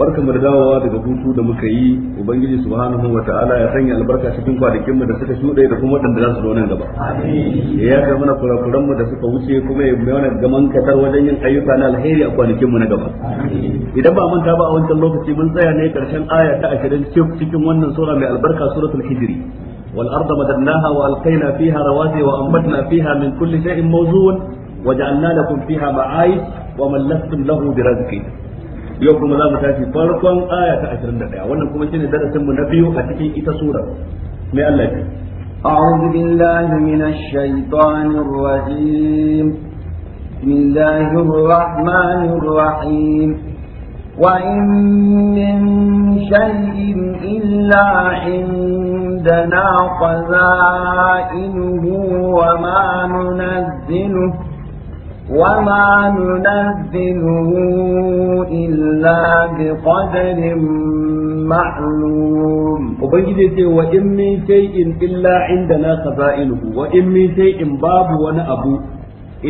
barka mu da dawowa daga hutu da muka yi ubangiji subhanahu wa ta'ala ya sanya albarka cikin kwanakin mu da suka shuɗe da kuma waɗanda za su zo nan gaba ya yafe mana kurakuran mu da suka wuce kuma ya mana gaman katar wajen yin ayyuka na alheri a kwanakin mu na gaba idan ba manta ba a wancan lokaci mun tsaya ne karshen aya ta 20 cikin wannan sura mai albarka suratul hijri والأرض مددناها وألقينا فيها رواسي وأنبتنا فيها من كل شيء موزون وجعلنا لكم فيها معايش ومن لستم له برزق yau kuma za mu tashi farkon aya ta 21 wannan kuma shine darasin mu na biyu a cikin ita sura mai Allah ya أعوذ بالله من الشيطان الرجيم بسم الله الرحمن الرحيم وإن من شيء إلا عندنا خزائنه وما ننزله وما ننزله إلا بقدر معلوم وبنجد وإن من شيء إلا عندنا خزائنه وإن من شيء باب ونأبو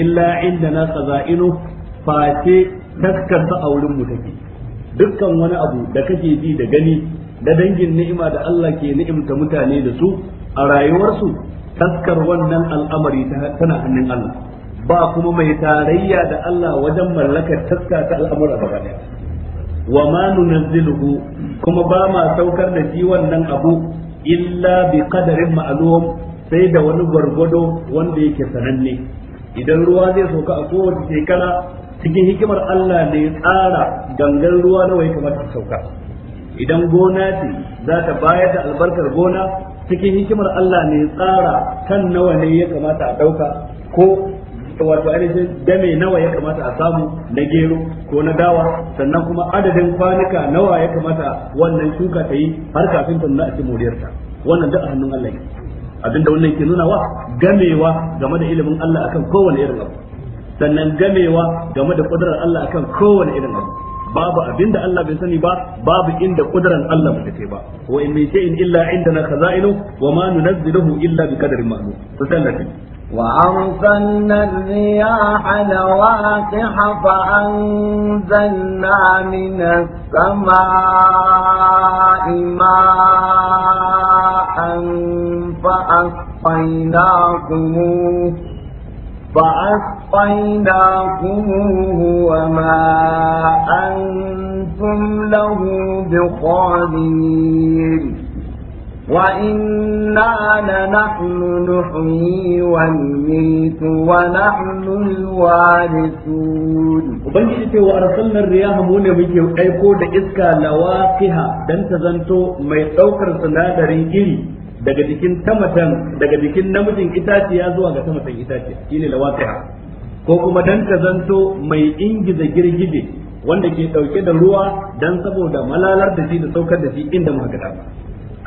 إلا عندنا خزائنه فاتي تذكر أول متكي dukkan wani abu da kake ji da gani da dangin ni'ima da Allah ke ni'imta mutane da su a rayuwarsu taskar wannan al'amari tana hannun Allah ba kuma mai tarayya da Allah wajen mallakar taska ta al'amura ba. ne wa ma nunzilu kuma ba ma saukar da shi wannan abu illa bi qadarin ma'lum sai da wani gwargwado wanda yake sananne idan ruwa zai sauka a kowace shekara cikin hikimar Allah ne tsara gangan ruwa nawa ya kamata sauka idan gona ce za ta bayar da albarkar gona cikin hikimar Allah ne tsara kan nawa ne ya kamata a ɗauka ko wato ainihin dame nawa ya kamata a samu na gero ko na dawa sannan kuma adadin kwanuka nawa ya kamata wannan shuka ta yi har kafin ta nuna a cikin moriyarta wannan duk a hannun Allah ne abinda wannan ke nuna wa gamewa game da ilimin Allah akan kowane irin abu sannan gamewa game da kudurar Allah akan kowane irin abu babu abin da Allah bai sani ba babu inda kudurar Allah ba take ba wa in min shay'in illa indana khaza'inu wa ma nunazziluhu illa bi qadarin ma'lum to sallati وأرسلنا الرياح لواقح فأنزلنا من السماء ماء فأسقيناكموه فأسقيناكموه وما أنتم له بخالدين وإنا لنحن نحيي ونميت ونحن الوارثون وبنجي تي وارسلنا الرياح مو ne muke aiko da iska lawaqiha dan ta zanto mai daukar sinadarin iri daga jikin tamatan daga jikin namijin itaciya zuwa ga tamatan itaciya shine lawaqiha ko kuma dan ta zanto mai ingiza girgije wanda ke dauke da ruwa dan saboda malalar da shi da saukar da shi inda muka ga dama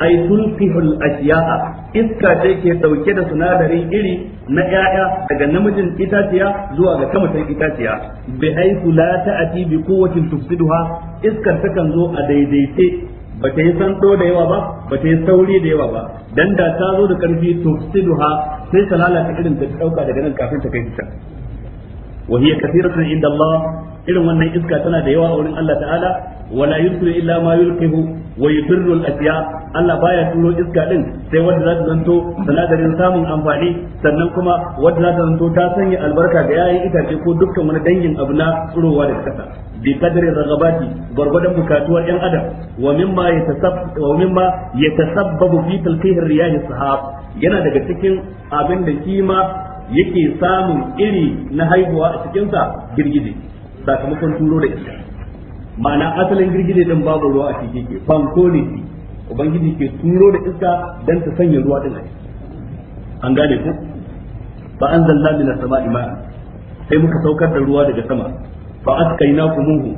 ai tulqihul asya'a iska ce ke dauke da sinadarin iri na yaya daga namijin itaciya zuwa ga kamatan itaciya bi haythu la ta'ti bi quwwatin tufsiduha iskar kan zo a daidaice ba ta yi santo da yawa ba ba ta yi sauri da yawa ba dan da ta zo da karfi tufsiduha sai ta lalata irin da ta dauka daga nan kafin ta kai ta wa hiya kathiratan inda Allah irin wannan iska tana da yawa a wurin Allah ta'ala wala yursilu illa ma yulqihu wa yusirru al-asya Allah baya turo iska din sai wanda za ta zanto sanadarin samun amfani sannan kuma wanda za ta zanto ta sanya albarka ga yayin itace ko dukkan wani dangin abu na tsirowa da kasa bi kadri ragabati gurgudan bukatuwar yan adam wa mimma yatasab wa mimma yatasabbabu fi talqih riyah sahab yana daga cikin abin da kima yake samun iri na haihuwa a cikinsa girgije sakamakon turo da iska ma'ana asalin girgije din babu ruwa a cikin ke fanko ne ubangiji ke turo da iska dan ta sanya ruwa din a an gane ko an zalla min as-sama'i ma'a sai muka saukar da ruwa daga sama fa munhu,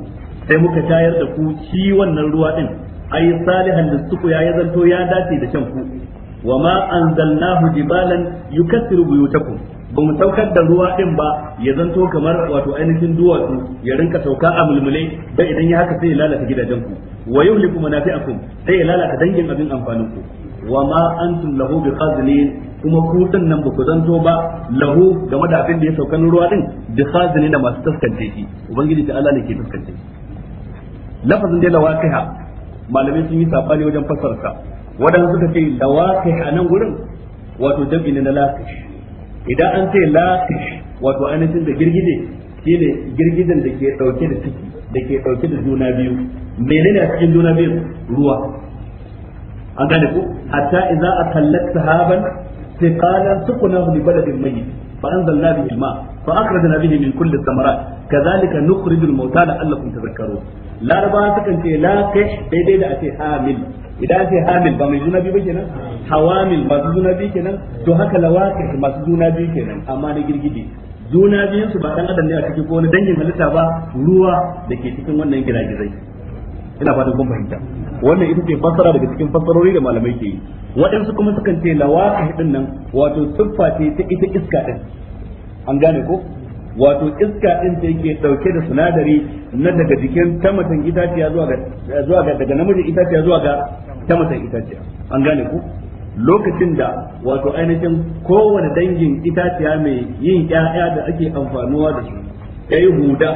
sai muka tayar da ku ci wannan ruwa din ai salihan da suku ya zanto ya dace da shan ku wa ma anzalnahu jibalan yukathiru buyutakum ba mu saukar da ruwa din ba ya zanto kamar wato ainihin duwatsu ya rinka sauka a mulmule da idan ya haka sai ya lalata gidajen ku wa yuhliku manafi'akum sai ya lalata dangin abin amfanin ku wa ma antum lahu bi biqazlin kuma ku nan ba ku zanto ba lahu game da abin da ya sauka ruwa din biqazlin da masu taskance shi ubangiji ta Allah ne ke taskance lafazin da lawaqiha malamai sun yi sabani wajen fasarsa wadanda suka ce lawaqiha nan wurin wato jam'i ne na lafiya. idan an ce latish wato ainihin da girgije shine girgijen da ke dauke da ciki da ke dauke da juna biyu menene a cikin juna biyu ruwa an gane ko hatta idza akallat sahaban ثقالا سقناه لبلد Fa فانزلنا به الماء فاخرجنا به من كل الثمرات كذلك نخرج الموتى لعلكم تذكرون لا ربا سكن لا كش ديدي da ake hamil idan sai hamil ba mai juna biyu ba kenan hawamil masu juna biyu kenan to haka lawaqi masu juna biyu kenan amma na girgije. juna biyun su ba dan adam ne a cikin ko wani dangin halitta ba ruwa da ke cikin wannan gidagizai ina fatan kun fahimta wannan ita ce fassara daga cikin fassarori da malamai ke yi waɗansu kuma sukan ce lawaka hidin nan wato siffa ce ta ita iska ɗin. an gane ko wato iska ɗin ta yake ɗauke da sinadari na daga jikin tamatan itaciya zuwa ga zuwa ga daga namijin itaciya zuwa ga ta mutan itaciya an gane ku lokacin da wato ainihin kowane dangin itaciya mai yin ƴaƴa da ake amfanuwa da su yayi huda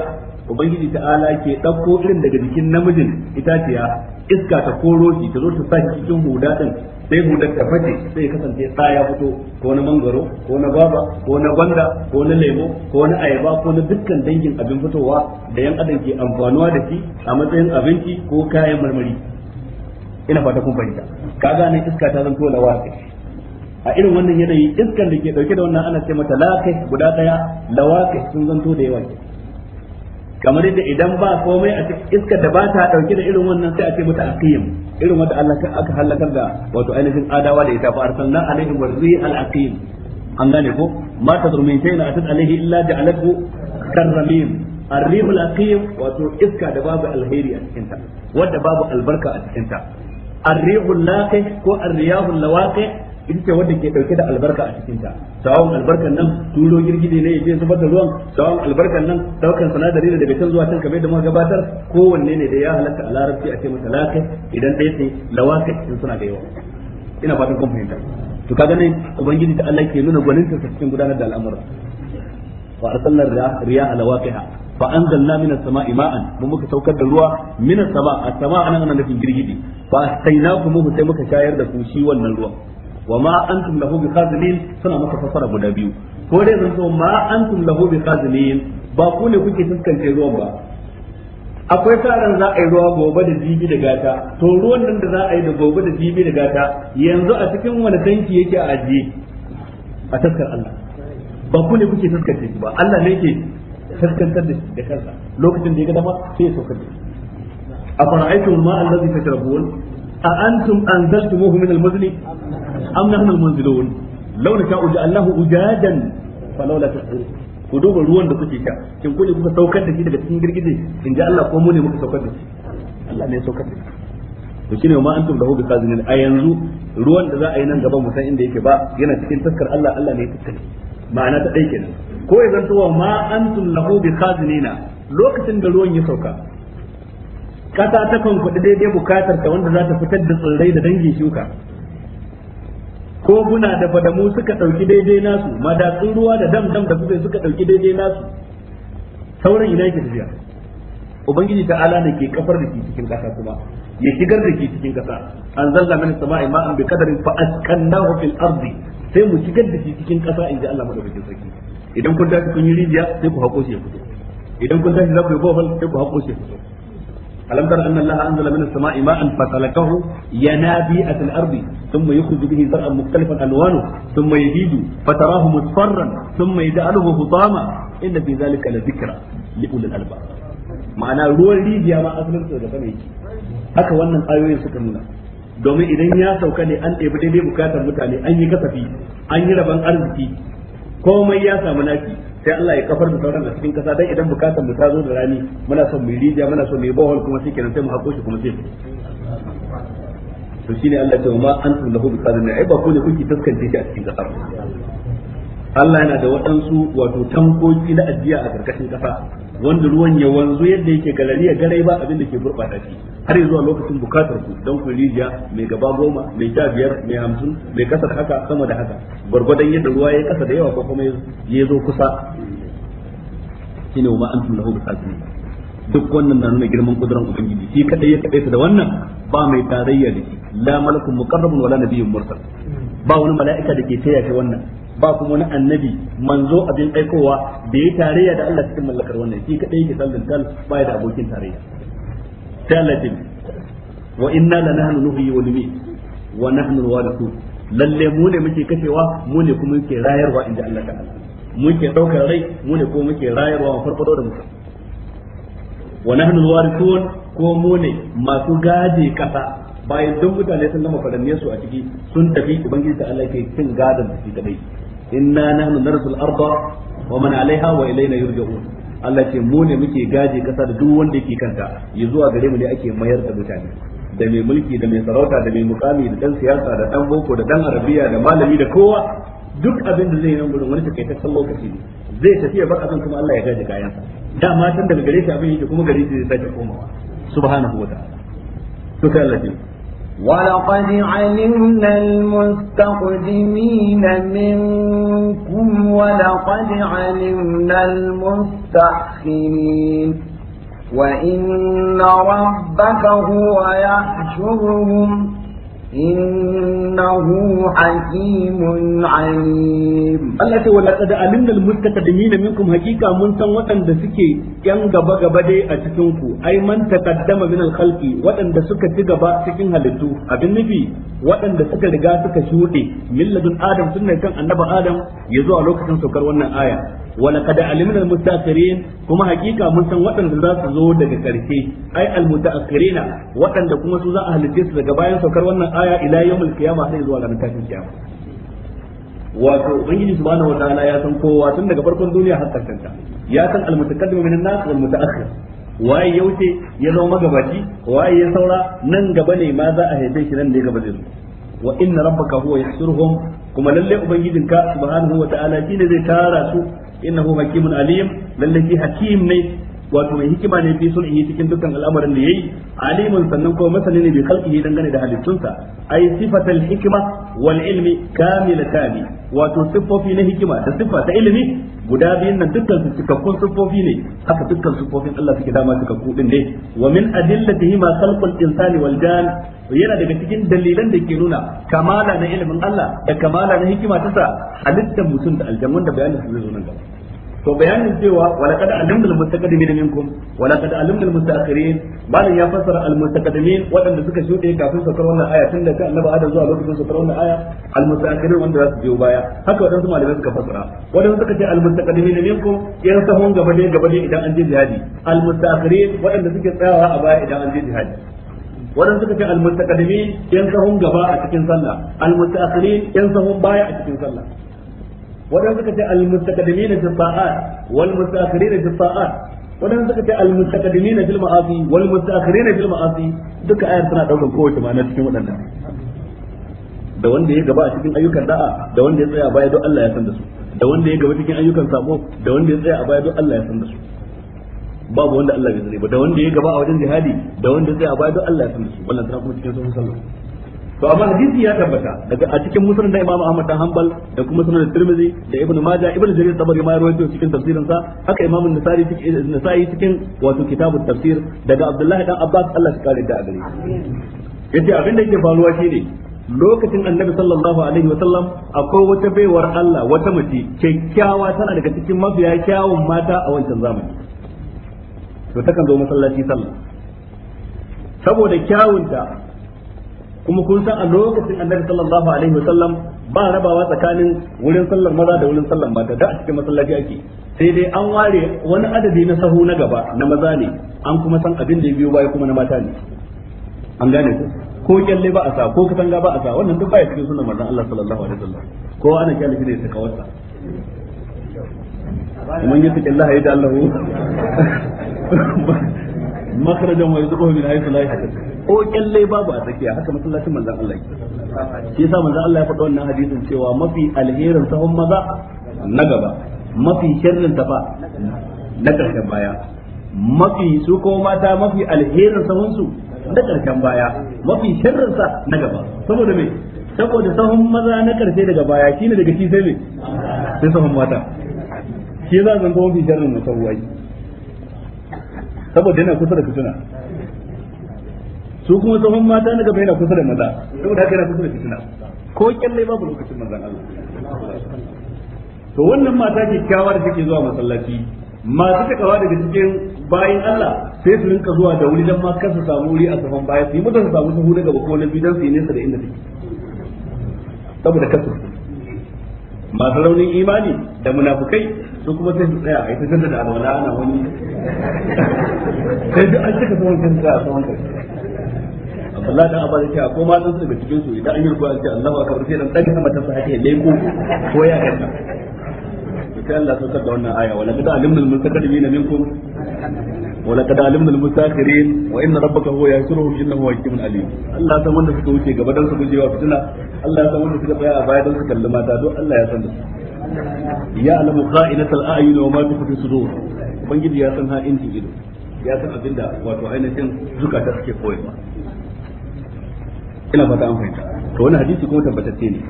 ubangiji ta'ala ke ɗauko irin daga jikin namijin itaciya iska ta koro shi ta zo ta sa cikin huda din sai hudar ta fashe sai kasance tsaya fito ko na mangaro ko na baba ko na gwanda ko na lemo ko na ayaba ko na dukkan dangin abin fitowa da yan adam ke amfanuwa da shi a matsayin abinci ko kayan marmari ina fata kun fahimta ka gane iska ta zanto da kai a irin wannan yanayi iskan da ke dauke da wannan ana ce mata lakai guda daya lawakai sun zanto da yawa kamar yadda idan ba komai a cikin iskar da ba ta dauke da irin wannan sai a ce mata aqim irin wanda Allah ka aka halakar da wato ainihin adawa da ita fa arsalna wa rizqi al-aqim an gane ko ma tadur sai na atad alaihi illa ja'alahu karramim ar-rihul aqim wato iska da babu alheri a cikin ta wanda babu albarka a cikin ta arrihul laqih ko arriyahul lawaqih ita ce wadda ke dauke da albarka a cikin ta sawon albarkan nan turo girgide ne je zubar da ruwan sawon albarkan nan daukan sanadari daga can zuwa can kamar da muka gabatar kowanne ne da ya halatta a larabci a ce mata laqih idan dai sai lawaqih sun suna da yawa ina fatan kun fahimta to kaga ne ubangiji da Allah ke nuna gwaninta cikin gudanar da al'amura wa arsalna riyaha lawaqiha fa anzalna minas sama'i ma'an mu muka saukar da ruwa minas sama a sama anan ana nufin girgidi fa astainakum mu sai muka shayar da ku shi wannan ruwa wa ma antum lahu bikhazinin suna maka fasara guda biyu ko dai zan so ma antum lahu bikhazinin ba ku ne kuke fuskance ruwan ba akwai tsarin za a yi ruwa gobe da jibi da gata to ruwan nan da za a yi da gobe da jibi da gata yanzu a cikin wani tanki yake a ajiye a taskar Allah ba ku ne kuke taskar ba Allah ne ke kaskantar da kansa lokacin da ya ga dama sai ya saukar da shi أفرأيتم الماء الذي تشربون أأنتم أنزلتموه من المزن أم نحن المنزلون لو نشاء جعلناه أجاجا فلولا تشعرون ku duba ruwan da kuke sha kin kuje kuka saukar da shi daga cikin girgije in ji Allah ko mu ne muka saukar da shi Allah ne ya saukar da shi to shine ma antum da hobi kazinin a yanzu ruwan da za a yi nan gaban mu san inda yake ba yana cikin taskar Allah Allah ne ya tattare ma'ana ta ɗai kenan ko ya zanto wa ma antum lahu bi khazinina lokacin da ruwan ya sauka kasa ta kan kuɗi daidai bukatar ta wanda za ta fitar da tsirrai da dangin shuka ko guna da fadamu suka ɗauki daidai nasu madatsun ruwa da dam dam da kuke suka ɗauki daidai nasu sauran ina yake tafiya ubangiji Ala ne ke kafar da ke cikin ƙasa kuma ya shigar da ke cikin ƙasa an zalla min sama'i ma'an bi kadarin fa askannahu fil ardi sai mu shigar da shi cikin ƙasa in ji Allah madaukakin sarki idan kun tashi kun yi rijiya sai ku haƙo shi ya fito idan kun tashi za ku yi bohol sai ku haƙo shi ya fito alam tara anna allaha anzala minas sama'i ma'an fasalakahu yanabi'a al-ardi thumma yukhruju bihi zar'an mukhtalifan alwanuhu thumma yabidu fatarahu musfarran thumma yaj'aluhu hutama inna fi dhalika la dhikra li ulil albab ma'ana ruwan rijiya ma asalin da sama yake haka wannan ayoyin suka nuna domin idan ya sauka ne an ɗebi daidai bukatar mutane an yi kasafi an yi rabon arziki komai ya samu naki sai Allah ya kafar da sauran a cikin kasa dan idan bukatar mu ta zo da rani muna son mu rijiya muna son mu bohol kuma sai kenan sai mu hako shi kuma sai to shine Allah ya ce ma antum lahu ne ai ba ko ne kuke taskance shi a cikin kasa Allah yana da waɗansu wato tankoki na ajiya a karkashin kasa wanda ruwan ya wanzu yadda yake galari ya garai ba abin da ke gurɓata shi har zuwa lokacin bukatar ku don ku rijiya mai gaba goma mai sha biyar mai hamsin mai kasa haka sama da haka gwargwadon yadda ruwa ya kasa da yawa ko kuma ya zo kusa shine ma antum lahu bisasirin duk wannan na nuna girman kudurar ubangiji shi kadai ya kadai da wannan ba mai tarayya da shi la malakun muqarrabun wala nabiyyun mursal ba wani mala'ika da ke taya shi wannan ba kuma wani annabi manzo abin aikowa da ya tarayya da Allah cikin mallakar wannan shi kadai yake sallan tal ba da abokin tarayya talatin wa inna la nahnu nuhyi wa numi wa nahnu warithu lalle mu ne muke kashewa mu ne kuma muke rayarwa inda Allah ta Allah muke daukar rai mu ne kuma muke rayarwa mu farfado da mutum wa nahnu warithun ko mu ne masu gaje kasa bayan duk mutane sun gama faranniyar su a ciki sun tafi ubangiji ta Allah ke cin gadon da shi kadai inna nahnu narsul arda wa man alaiha wa ilaina yurja'un Allah ce mu ne muke gaje kasa da duk wanda yake kanta ya zuwa gare mu ne ake mayar da mutane da mai mulki da mai sarauta da mai mukami da dan siyasa da dan boko da dan arabiya da malami da kowa duk abin da zai yi nan gurin wani takaitaccen lokaci ne zai tafi ya bar abin kuma Allah ya gaje kayan da matan daga gare shi abin yake kuma gare shi zai sake komawa subhanahu wa ta'ala to kai Allah ولقد علمنا المستقدمين منكم ولقد علمنا المستحسنين وإن ربك هو يحشرهم In nuhu hakimin ainihin. Allah Ta wasa da aliminal Mustapha minkum hakika mun san waɗanda suke yan gaba gaba dai a cikinku, ai manta ka dama min alƙalfi waɗanda suka ci gaba cikin halittu. abin binni bi, waɗanda saka riga suka shuɗe, milladun Adam sun kan annaba Adam ya zo a lokacin saukar wannan aya kada ولقد علمنا kuma كما mun san waɗanda za su zo daga ƙarshe, ai almutaakhireen waɗanda kuma su za a halitta su daga bayan saukar wannan aya ila yawmul qiyamah sai zuwa ranar tashin kiyama wato ubangiji subhanahu wataala ya san kowa tun daga farkon duniya har karshenta ya san almutaqaddim minan nas wal mutaakhir waye ya wuce ya zama magabaci waye ya saura nan gaba ne ma za a haife shi nan da ya gaba zai zo wa inna rabbaka huwa yahsuruhum kuma lalle ubangijinka subhanahu wataala shine zai tara su إنه حكيم عليم للذي حكيم نيت wato mai hikima ne fi yi cikin dukkan al'amarin da yayi alimun sannan kuma masani ne bi khalqihi dangane da halittunsa ai sifatal hikima wal ilmi kamilatan wato siffofi na hikima da siffa ta ilimi guda biyun nan dukkan su cikakkun siffofi ne haka dukkan siffofin Allah suke dama cikakku din ne wa min adillatihi ma khalqul insani wal jan yana daga cikin dalilan da ke nuna kamala na ilimin Allah da kamala na hikima ta sa halittar mutum da aljan bayanin su zai zo nan gaba to bayanin cewa wala kad alimna al mustaqdimin minkum wala kad alimna al mustaakhirin malan ya fassara al mustaqdimin wadanda suka shude kafin su saukar wannan aya tun da annabi adam zuwa lokacin su saukar wannan aya al mustaakhirin wanda za su biyo baya haka wadansu malamai suka fassara wadansu suka ce al mustaqdimin minkum yan sahun gaba ne gaba ne idan an je jihadi al mustaakhirin wadanda suke tsayawa a baya idan an je jihadi wadan suka ce al mustaqdimin yan sahun gaba a cikin sallah al mustaakhirin yan sahun baya a cikin sallah wadan suka ce al-mustaqdimina fi ta'at wal mustaakhirina fi ta'at wadan suka ce al na fil ma'asi wal mustaakhirina fil ma'asi duka ayar suna daukar kowace ma'ana cikin wadannan da wanda ya gaba a cikin ayyukan da'a da wanda ya tsaya baya don Allah ya san da su da wanda ya gaba cikin ayyukan sako da wanda ya tsaya a baya don Allah ya san da su babu wanda Allah ya sani ba da wanda ya gaba a wajen jihadi da wanda ya tsaya a baya don Allah ya san da su wannan tana kuma cikin sunan sallah to amma hadisi ya tabbata daga a cikin musulun da Imam Ahmad dan Hanbal da kuma sunan Tirmidhi da Ibn Majah Ibn Jarir Tabari ma rawaito cikin tafsirin sa haka Imam An-Nasa'i cikin Nasa'i cikin wato kitabut tafsir daga Abdullahi dan Abbas Allah ya kare da gare yace abin da yake faruwa shine lokacin annabi sallallahu alaihi wasallam akwai wata baiwar Allah wata mace kyakkyawa tana daga cikin mafiya kyawun mata a wancan zamani to takan zo masallaci sallah saboda kyawunta kuma kun san a lokacin annabi sallallahu alaihi wasallam ba rabawa tsakanin wurin sallar maza da wurin sallar mata da a cikin masallaci ake sai dai an ware wani adadi na sahu na gaba na maza ne an kuma san abin da ya biyo baya kuma na mata ne an gane ku ko kyalle ba a sa ko katanga ba a sa wannan duk baya cikin sunan manzon Allah sallallahu alaihi wasallam ko ana kyalle shi ne ta saka wata yi yata Allah da Allah makarajan wani zuba min haythu la haka ko kallai babu a tsakiya haka masallacin manzan Allah shi yasa manzan Allah ya faɗa wannan hadisin cewa mafi alherin sahun maza na gaba mafi shirin tafa na karshen baya mafi su ko mata mafi alherin sahun su na karshen baya mafi shirin sa na gaba saboda me saboda sahun maza na karshe daga baya shine daga shi sai me sai sahun mata shi za zan fi mafi sharrin musawwai saboda yana kusa da fitina su kuma tsohon mata na gaba yana kusa da maza saboda haka yana kusa da fitina ko kyalle babu lokacin manzon Allah to wannan mata ke kyawar da take zuwa masallaci masu takawa daga cikin bayan Allah sai su rinka zuwa da wuri dan ma kar su samu wuri a safan bayan su yi mutum su samu suhu daga bako na bidan su yi nesa da inda take saboda kasu masu raunin imani da munafukai su kuma sai su tsaya a ita kanta da alwala ana wani sai duk an cika saman kan tsaya saman kan Abdullah da Abba yake ko ma sun daga cikin su idan an yi rubuwa sai Allahu akbar sai dan daga mata sa hake leko ko ya kanta to sai Allah saukar da wannan aya wala kada alimnal mustaqdimin minkum wala kada alimnal mustakhirin wa inna rabbaka huwa yahsuruhum innahu hakimun alim Allah san wanda suka wuce gaba dan su gujewa fitina Allah san wanda suka tsaya a baya dan su kalli mata duk Allah ya san da su ya alamu a'yun wa ma tukhfi sudur ubangiji ya san ha'in ido ya san abinda wato ainihin zukata suke koyewa ina fata an fahimta to wannan hadisi kuma tabbatacce ne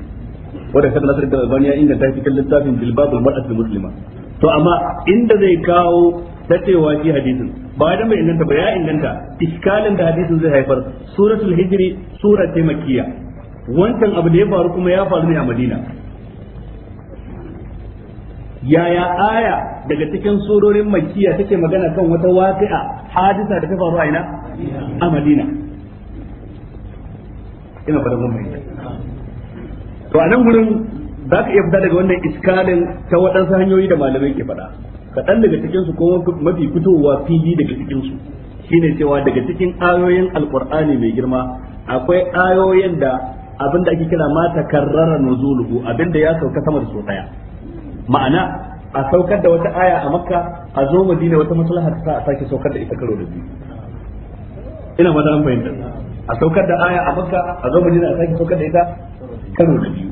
wanda kada nasar da albani ya inganta cikin littafin jilbabul mar'atul muslima to amma inda zai kawo dacewa shi hadisin ba da mai inganta ba ya inganta iskalin da hadisin zai haifar suratul hijri surat makkiyya wancan abu da ya faru kuma ya faru ne a madina yaya aya daga cikin surorin makkiya take magana kan wata waqi'a hadisa da ta faru a ina a madina ina fara mun to a nan gurin za ka iya fita daga wannan iskalin ta waɗansu hanyoyi da malamai ke faɗa kaɗan daga cikinsu ko mafi fitowa fili daga cikinsu shine cewa daga cikin ayoyin alkur'ani mai girma akwai ayoyin da abin da ake kira ma takarrara nuzuluhu abin da ya sauka sama da so daya ma'ana a saukar da wata aya a makka a zo madina wata maslaha ta sa a sake saukar da ita karo da biyu ina ma an fahimta a saukar da aya a makka a zo madina a sake saukar da ita karo da biyu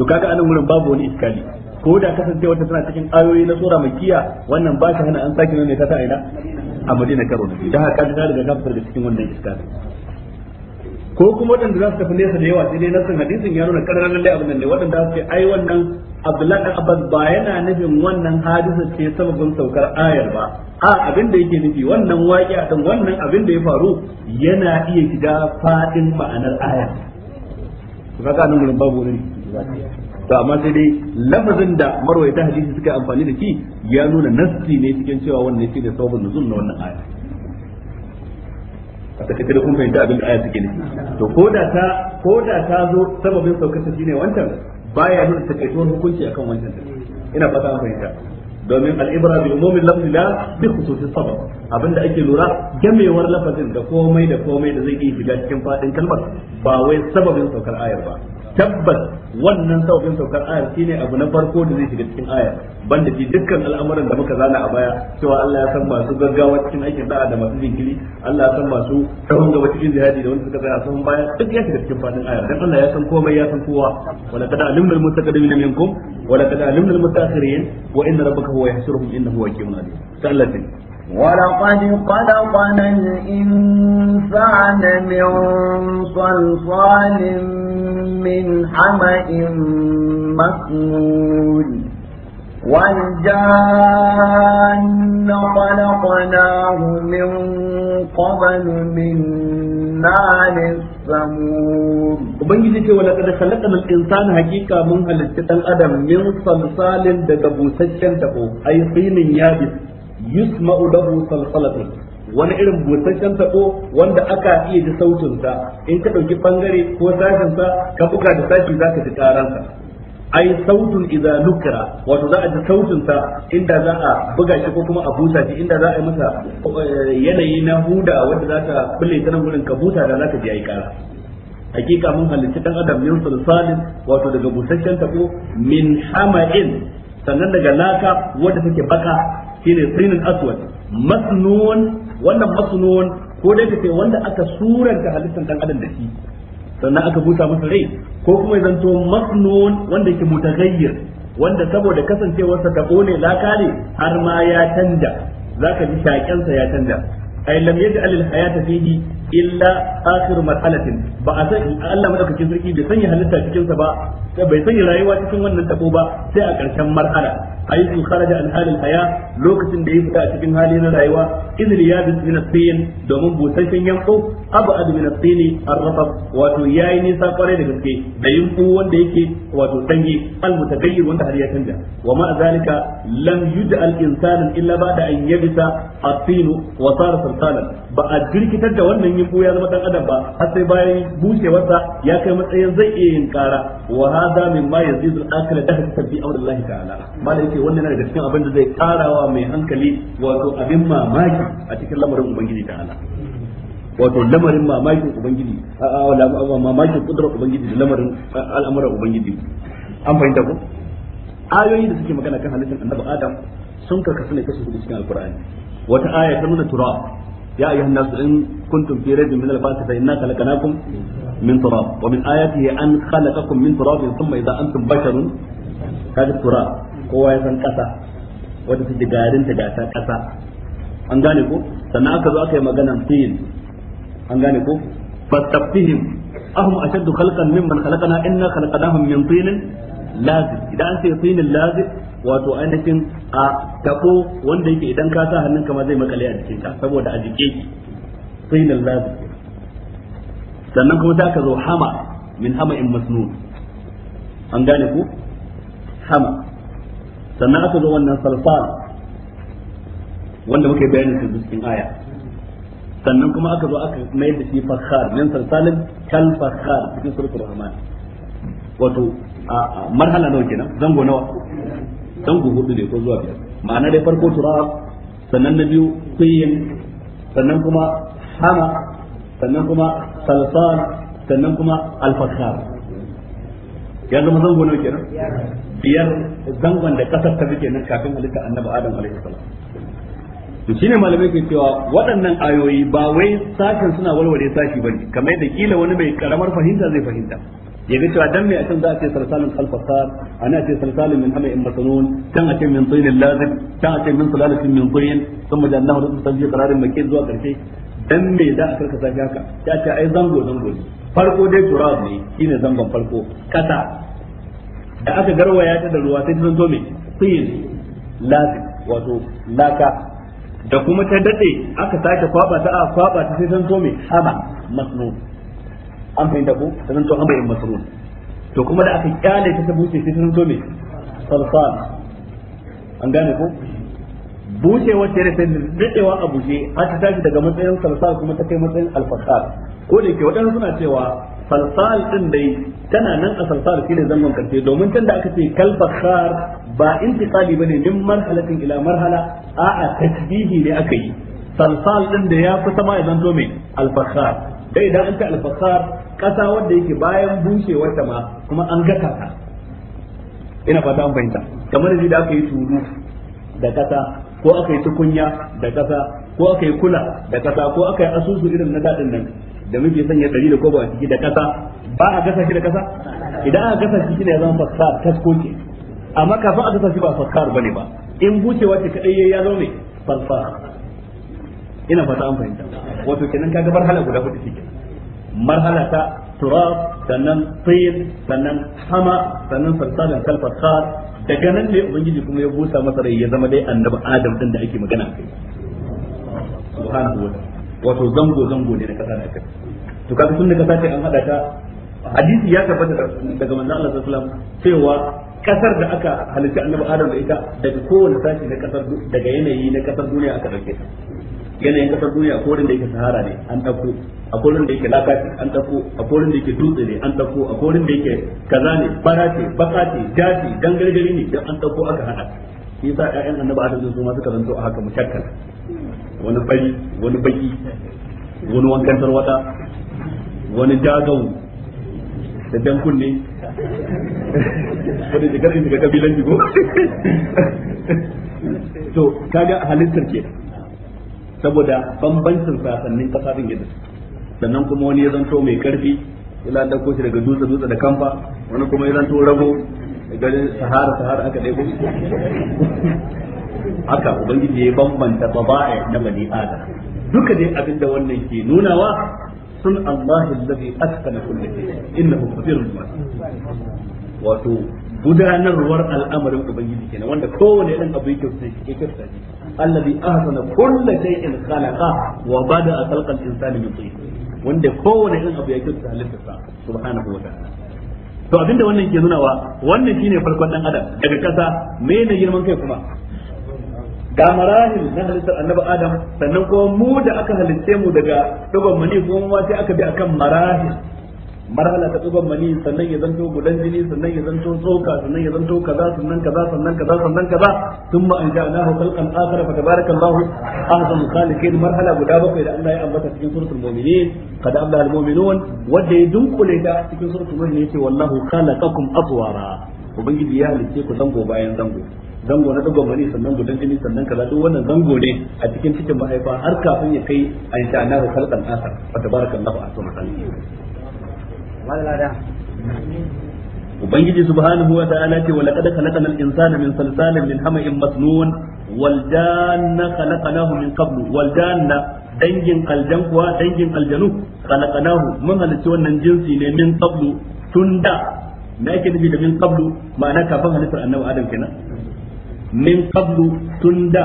to kaga anan wurin babu wani iskali ko da kasance wata tana cikin ayoyi na sura makkiya wannan ba shi hana an sake nuna ta ta aina a madina karo da biyu da haka kaga daga kafar da cikin wannan iskali ko kuma waɗanda za su tafi nesa da yawa sai dai san hadisin ya nuna ƙarar lallai abin nan ne waɗanda su ce ai wannan Abdullahi dan Abbas ba yana nufin wannan hadisa ce sababin saukar ayar ba a abin da yake nufi wannan waƙi a kan wannan abin da ya faru yana iya shiga fadin ma'anar aya ga nan gurin babu wani to amma sai dai lafazin da marwaita hadisi suka amfani da shi ya nuna nassi ne cikin cewa wannan shi ne sababin nuzul na wannan ayar. daga kada kun fahimta abin da aya take nufi to ko da ta ko da ta zo sababin saukar ta shine wancan baya nuna takaituwar hukunci akan wancan ta ina fata an fahimta domin al'ibra bi umumin lafzi la bi khususin sabab abinda ake lura gamewar lafazin da komai da komai da zai iya shiga cikin fadin kalmar ba wai sababin saukar ayar ba tabbas wannan saukin saukar aya shi ne abu na farko da zai shiga cikin aya banda shi dukkan al'amuran da muka zana a baya cewa Allah ya san masu gaggawa cikin aikin da'a da masu jinkiri Allah ya san masu tsawon gaba cikin jihadi da wanda suka tsaya sun baya duk ya shiga cikin fadin aya dan Allah ya san komai ya san kowa wa laqad alimna al-mustaqdimin minkum wa laqad alimna al-mutaakhirin wa inna rabbaka huwa yahshuruhum innahu hakimun alim sallallahu ولقد خلقنا الإنسان من صلصال من حمأ مسنون والجان خلقناه من قبل من نار السموم ubangiji ce wala kada khalaqana al-insana hakika mun halitta ɗan adam min salsalin daga busasshen a yi tsinin yusma'u lahu salsalatu wani irin busasshen tabo wanda aka iya ji sautin sa in ka dauki bangare ko sashin sa ka buga da sashi zaka ji karan sa ai sautun idza nukra wato za a ji sautin sa inda za a buga shi ko kuma a busa shi inda za a yi masa eh, yanayi na huda wanda za ta bulle ta nan gurin ka busa da zaka ji ai kara hakika mun halitta dan adam min sulsalin wato daga busasshen tabo min hama'in sannan daga laka wadda take baka shine tsinin aswad masnun wannan masnun ko dai kace wanda aka suranta halittar dan adam da shi sannan aka buta masa rai ko kuma ya zanto masnun wanda yake mutaghayyir wanda saboda kasancewarsa tabo ne laka ne har ma ya canja zaka ji shaƙensa ya canja ay lam yaj'al al hayata fihi illa akhir marhalatin ba a san Allah madaukakin sarki bai sanya halitta cikin sa ba bai sanya rayuwa cikin wannan tabo ba sai a ƙarshen marhala aikin kharaja an halin haya lokacin da ya fita a cikin hali na rayuwa idan ya bi min as domin busasshen yanko abad min as-sin ar wato yayi nisa kwarai da gaske da yanko wanda yake wato dangi al-mutagayyir wanda har ya canja wa ma zalika lam al insanan illa ba'da an yabisa as-sin wa sara sultanan ba a jirkitar da wannan yin ya zama dan adam ba har sai bayan bushewarsa ya kai matsayin zai iya yin kara wa hada min yazidu al-akala da amr Allah ta'ala malai yace wannan yana daga cikin abin da zai karawa mai hankali wato abin mamaki a cikin lamarin ubangiji ta'ala wato lamarin mamakin ubangiji mamakin kudrar ubangiji da lamarin al'amuran ubangiji an fahimta ko ayoyi da suke magana kan halittar annabi adam sun karkasu ne kashi hudu cikin alkur'ani wata aya ta nuna turab يا أيها الناس إن كنتم في ريب من البعث فإنا خلقناكم من تراب ومن آياته أن خلقكم من تراب ثم إذا أنتم بشر هذا التراب هو يتنكسى وتسجد قارن تجاسى كسى an gane ko sannan aka zo aka yi maganan fil an gane ko fastafihim ahum ashaddu khalqan mimman khalaqana inna khalaqnahum min tinin lazib idan an ce tinin lazib wato ainihin a tako wanda yake idan ka sa hannunka ma zai makale a jikinka saboda a jike ki tinin lazib sannan kuma ta ka zo hama min hama in masnun an gane ku hama sannan aka zo wannan salsal wanda muka bayani bayanin su cikin aya sannan kuma aka zo aka mai da shi fakhar min salsalin kal fakhar cikin suratul rahman wato a marhala nawa kenan zango nawa zango hudu ne ko zuwa biyar ma'ana dai farko turab sannan na biyu kuyin sannan kuma hama sannan kuma salsan sannan kuma alfakhar ya zama zango nawa kenan biyar zangon da kasar ta bi nan kafin halitta annabi adam alaihi salam to shine malamai ke cewa waɗannan ayoyi ba wai sashin suna walwale sashi bane kamar yadda kila wani mai karamar fahimta zai fahimta ya ga cewa dan me a can za a ce salsalun kalfasar ana ce salsalun min hama'in masanun can a ce min tsinin lazik can a ce min sulalatin min tsin sun mu jannahu da sun ji kararin mai zuwa karshe dan me za a karkasa shi haka ya ce ai zango zango ne farko dai turab ne shine zangon farko kasa da aka garwaya ta da ruwa sai ta zanto me tsin lazik wato laka da kuma ta dade aka sake kwaba ta a kwaba ta sai zanto me hama masnun an fahimta ko ta to an bayin masrur to kuma da aka kyale ta buce sai ta zanto me salsal an gane ko buce wacce da sai dadewa a buce har ta tashi daga matsayin salsal kuma ta kai matsayin alfasal ko da yake wadansu suna cewa salsal din dai tana nan a salsal shine zangon karshe domin tunda aka ce kalfasar ba intiqali bane min marhalatin ila marhala a'a tasbihi ne aka yi salsal din da ya fi sama ya zo mai alfasar dai idan an ta alfasar kasa wanda yake bayan bushewar ta ma kuma an gata ta ina fata an fahimta kamar yadda aka yi tulu da kasa ko aka yi tukunya da kasa ko aka yi kula da kasa ko aka yi asusu irin na dadin nan da muke sanya dari da koba a ciki da kasa ba a gasa shi da kasa idan aka gasa shi ne ya zama fasar kasko ce amma kafin a gasa shi ba fasar bane ba in bushewa ce kadai ya zo ne fasar ina fata an fahimta wato kenan kaga marhala guda hudu take marhala ta turab sannan tin sannan hama sannan sarsalan kalfakhar daga nan ne ubangiji kuma ya busa masa rai ya zama dai annabi adam din da ake magana kai subhanahu wa wato zango zango ne da kasa da kai to kaga tun da kasa ce an hada ta hadisi ya tabbata daga manzo Allah sallallahu alaihi wasallam cewa kasar da aka halitta annabi adam da ita daga kowane sashi na kasar daga yanayi na kasar duniya aka dauke ta yanayin kasar duniya a wurin da yake sahara ne an dauko a wurin da yake laka an dauko a wurin da yake dutse ne an dauko a wurin da yake kaza ne bara ce baka ce jaji ne dan an dauko aka hada shi yasa ƴaƴan annabi adam su ma suka zanto a haka mushakkal wani bari wani baki wani wankan tarwata wani jagau da dan kunne wani jigar inda ga kabilan jigo to kaga halittar ke saboda bambancin sasannin kasa din yadda sannan kuma wani ya zanto mai karfi ila da koshi daga dutse dutse da kamfa wani kuma ya zanto rago garin sahara sahara aka dai haka ubangiji ya bambanta taba'i na bani adam duka dai abinda wannan ke nunawa sun Allah allazi askana kulli shay innahu qadirun wato gudanarwar al'amarin ubangiji kenan wanda kowane dan abu yake sai yake sai allazi ahsana kulli shay'in khalaqa wa bada'a khalqal insani min wanda kowane irin abu ya kyauta halittarsa subhanahu wa ta'ala to abinda wannan ke nuna wa wannan shine farkon dan adam daga kasa mene girman kai kuma ga marahil na halittar annabi adam sannan kuma mu da aka halitte mu daga dubban mani kuma ma sai aka bi akan marahil marhala ta tsuban mani sannan ya zanto gudan jini sannan ya zanto tsoka sannan ya zanto kaza sannan kaza sannan kaza sannan kaza thumma an ja'nahu khalqan akhar fa tabarakallahu ahsan khaliqin marhala guda bakwai da Allah ya ambata cikin suratul mu'minin qad abla al mu'minun wanda ya dunkule ta cikin suratul mu'minin yace wallahu khalaqakum atwara ubangiji ya halice ku zango bayan zango zango na dogon mani sannan gudan jini sannan kaza duk wannan zango ne a cikin cikin mahaifa har kafin ya kai an ja'nahu khalqan akhar fa tabarakallahu ahsan khaliqin ubangiji subhanahu wa ta'ala ce wala qad khalaqna al-insana min salsalin min hama'in masnun wal janna khalaqnahu min qablu wal janna dangin aljan kuwa dangin aljanu khalaqnahu mun halitta wannan jinsi ne min qablu tunda da ake nufi da min qablu ma'ana kafin halittar annabi adam kenan min qablu tunda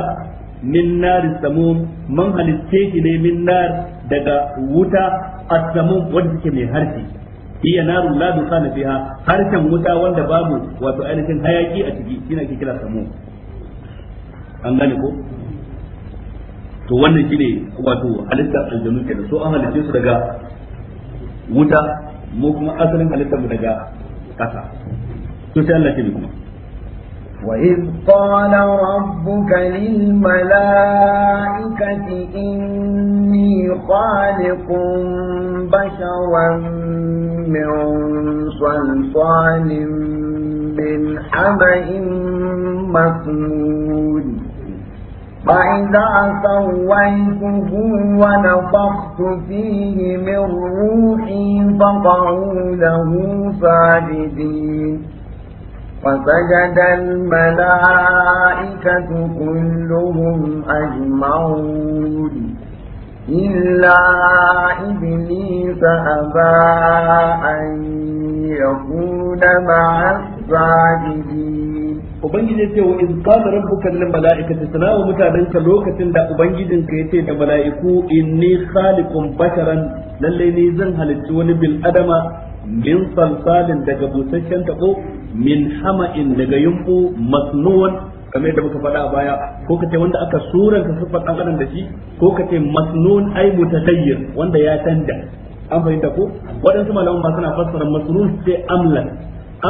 min nar samum mun halitta shi ne min nar daga wuta as-samum wanda take mai harfi hiya narun la dukana fiha harshen wuta wanda babu wato ainihin hayaki a ciki ina ake kira samu an gane ko to wannan shine wato halittar aljanu kenan so an halitte su daga wuta mu kuma asalin halittar daga kasa to sai Allah ya kuma وإذ قال ربك للملائكة إني خالق بشرا من صلصال من حمأ مسنون فإذا سويته ونفخت فيه من روحي فقعوا له ساجدين فسجد الملائكة كلهم أجمعون إلا إبليس أبى أن يكون مع الساجدين Ubangiji ce wa in qala rabbuka lil tana wa mutanenka lokacin da ubangijinka yace da mala'iku inni khaliqun basharan lalle ni zan halicci wani bil adama min salsalin daga busasshen tabo min hama'in daga yumbu masnuwan kamar yadda muka faɗa a baya ko kace wanda aka suran ka sifar dan adam da shi ko kace masnun ay mutatayyir wanda ya canja an fahimta ko waɗansu malaman ba suna fassara masnun sai amlan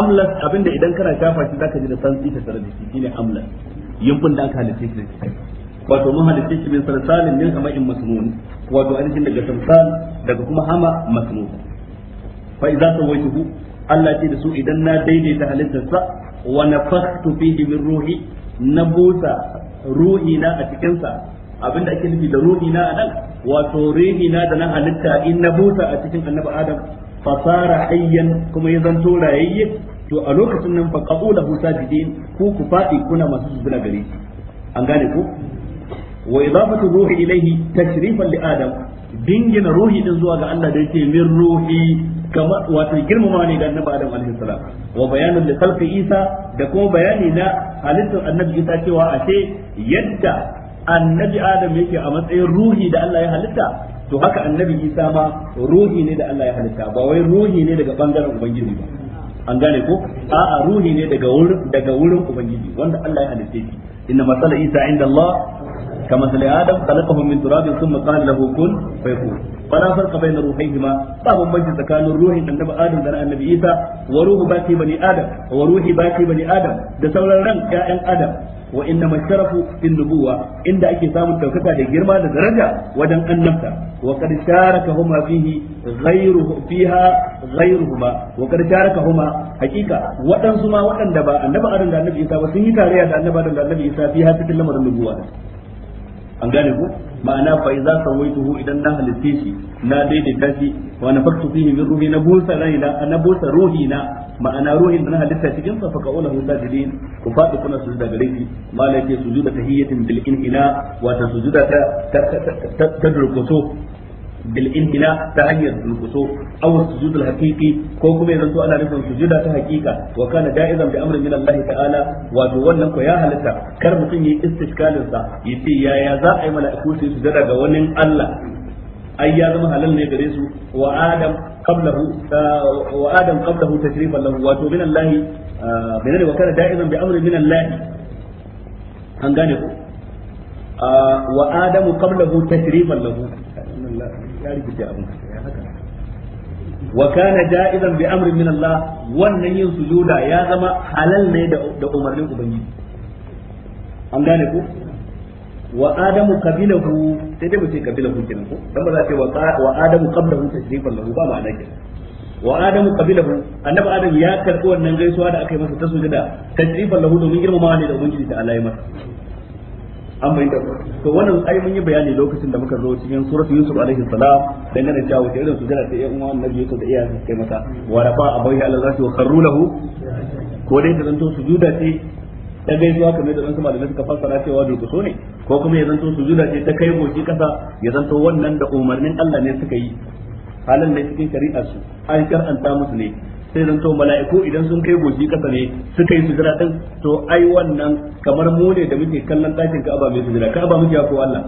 amlan abinda idan kana shafa shi zaka ji da santsi ta tare da shi shine amlan yumbun da aka halice shi wato mun halice shi min salsalin min hama'in masnun wato ainihin daga salsal daga kuma hama masnun fa idza sawaituhu Allah ce da su idan na daidaita halittar sa wa nafakhtu fihi min ruhi na busa ruhi na a cikin sa abinda ake nufi da ruhi na anan wato ruhi na da na halitta in na busa a cikin annabi adam fasara hayyan kuma ya zanto rayayye to a lokacin nan fa qabulahu sajidin ku ku fadi kuna masu sujuna gare an gane ku wa idafatu ruhi ilayhi tashrifan li adam dingina ruhi din zuwa ga Allah da yake min ruhi kama wato girmama ne da annabi adam alaihi salam wa bayanin da khalqi isa da kuma bayani na halittar annabi isa cewa ashe yadda annabi adam yake a matsayin ruhi da Allah ya halitta to haka annabi isa ma ruhi ne da Allah ya halitta ba wai ruhi ne daga bangaren ubangiji ba an gane ko a'a ruhi ne daga wurin daga wurin ubangiji wanda Allah ya halitta shi inna masala isa inda Allah كمثل آدم خلقه من تراب ثم قال له كن فيكون فلا فرق بين روحيهما باب مجلس كان الروح النبي آدم دنا النبي عيسى وروح باقي بني آدم وروح باقي بني آدم ده سوران ران يا آدم وإنما الشرف في النبوة عند أكي سام التوكتا دي جرما درجة ودن أنبتا وقد شاركهما فيه غيره فيها غيرهما وقد شاركهما حقيقة ودن سما ودن دبا النبي آدم النبي عيسى وسنجي تاريا النبي آدم النبي عيسى فيها تكلم النبوة an gane ku ma'ana fa idza sawaituhu idan na halitta shi na daidaita shi wa nafaktu fihi min ruhi na busa raina na busa ruhi na ma'ana ruhi da na halitta cikin sa faka ulahu sajidin ku fadi kuna sujuda gare shi malaka sujuda tahiyatin bil inhila wa ta sujuda ta ta durkuso bil intina ta hanyar durkuso aw sujud al haqiqi ko kuma yanzu ana nufin sujuda ta haqiqa wa kana da'izan bi amrin min Allah ta'ala wato wannan ko ya halatta kar mutum yi istiskalin sa yace yaya za a yi mala'iku su sujada ga wani Allah ai ya zama halal ne gare su wa adam qablahu ah, wa adam wato ah, menene da'izan an gane ah, wa adamu ya rikice abin ya haka wa kana ja'izan bi amrin min Allah wannan yin sujuda ya zama halal ne da umarnin ubangiji an gane ku wa adamu qabilahu sai dai mutum qabilahu kenan ko dan ba za ta wa adamu qablahu tashrifan lahu ba ma'ana kenan wa adamu qabilahu annabi adam ya karbi wannan gaisuwa da aka yi masa ta sujuda tashrifan lahu domin girmamawa ne da ubangiji ta Allah ya masa an bai to wannan ai mun yi bayani lokacin da muka zo cikin suratul yusuf alaihi salam dangane cewa wace irin jira ta yan uwan nabi yusuf da iya kai mata wa rafa abawi ala zati wa kharru lahu ko dai da zanto sujuda ce ta zuwa kamar da zanto malamai suka fassara cewa durkuso ne ko kuma ya zanto sujuda ce ta kai goji kasa ya zanto wannan da umarnin Allah ne suka yi halin ne cikin shari'ar su an karanta musu ne sai zan to mala'iku idan sun kai goji kasa ne suka yi sujira din to ai wannan kamar mu ne da muke kallon dakin Ka'aba mai sujira Ka'aba muke wa ko Allah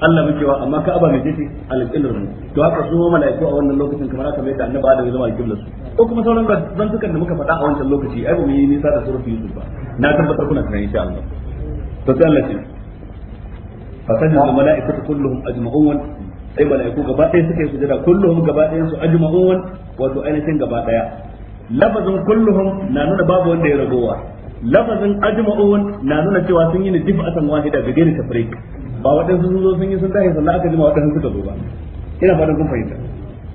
Allah muke wa amma Ka'aba mai dace alƙiblar mu to haka su ma mala'iku a wannan lokacin kamar haka mai da annaba da ya zama alƙiblar su ko kuma sauran zan zantukan da muka faɗa a wancan lokaci ai ba mu yi nisa da suratul Yusuf ba na tabbatar kuna tunani insha Allah to sai Allah ce fasajin mala'ikatu kulluhum ajma'un sai mala'iku gaba ɗaya suka yi sujira kulluhum gaba ɗayan su ajma'un wato ainihin gaba ɗaya lafazin kulluhum na nuna babu wanda ya ragowa lafazin ajma'un na nuna cewa sun yi a difatan wahida da gairi tafrik ba waɗansu sun zo sun yi sun dahi sannan aka jima waɗansu suka zo ba ina fatan kun fahimta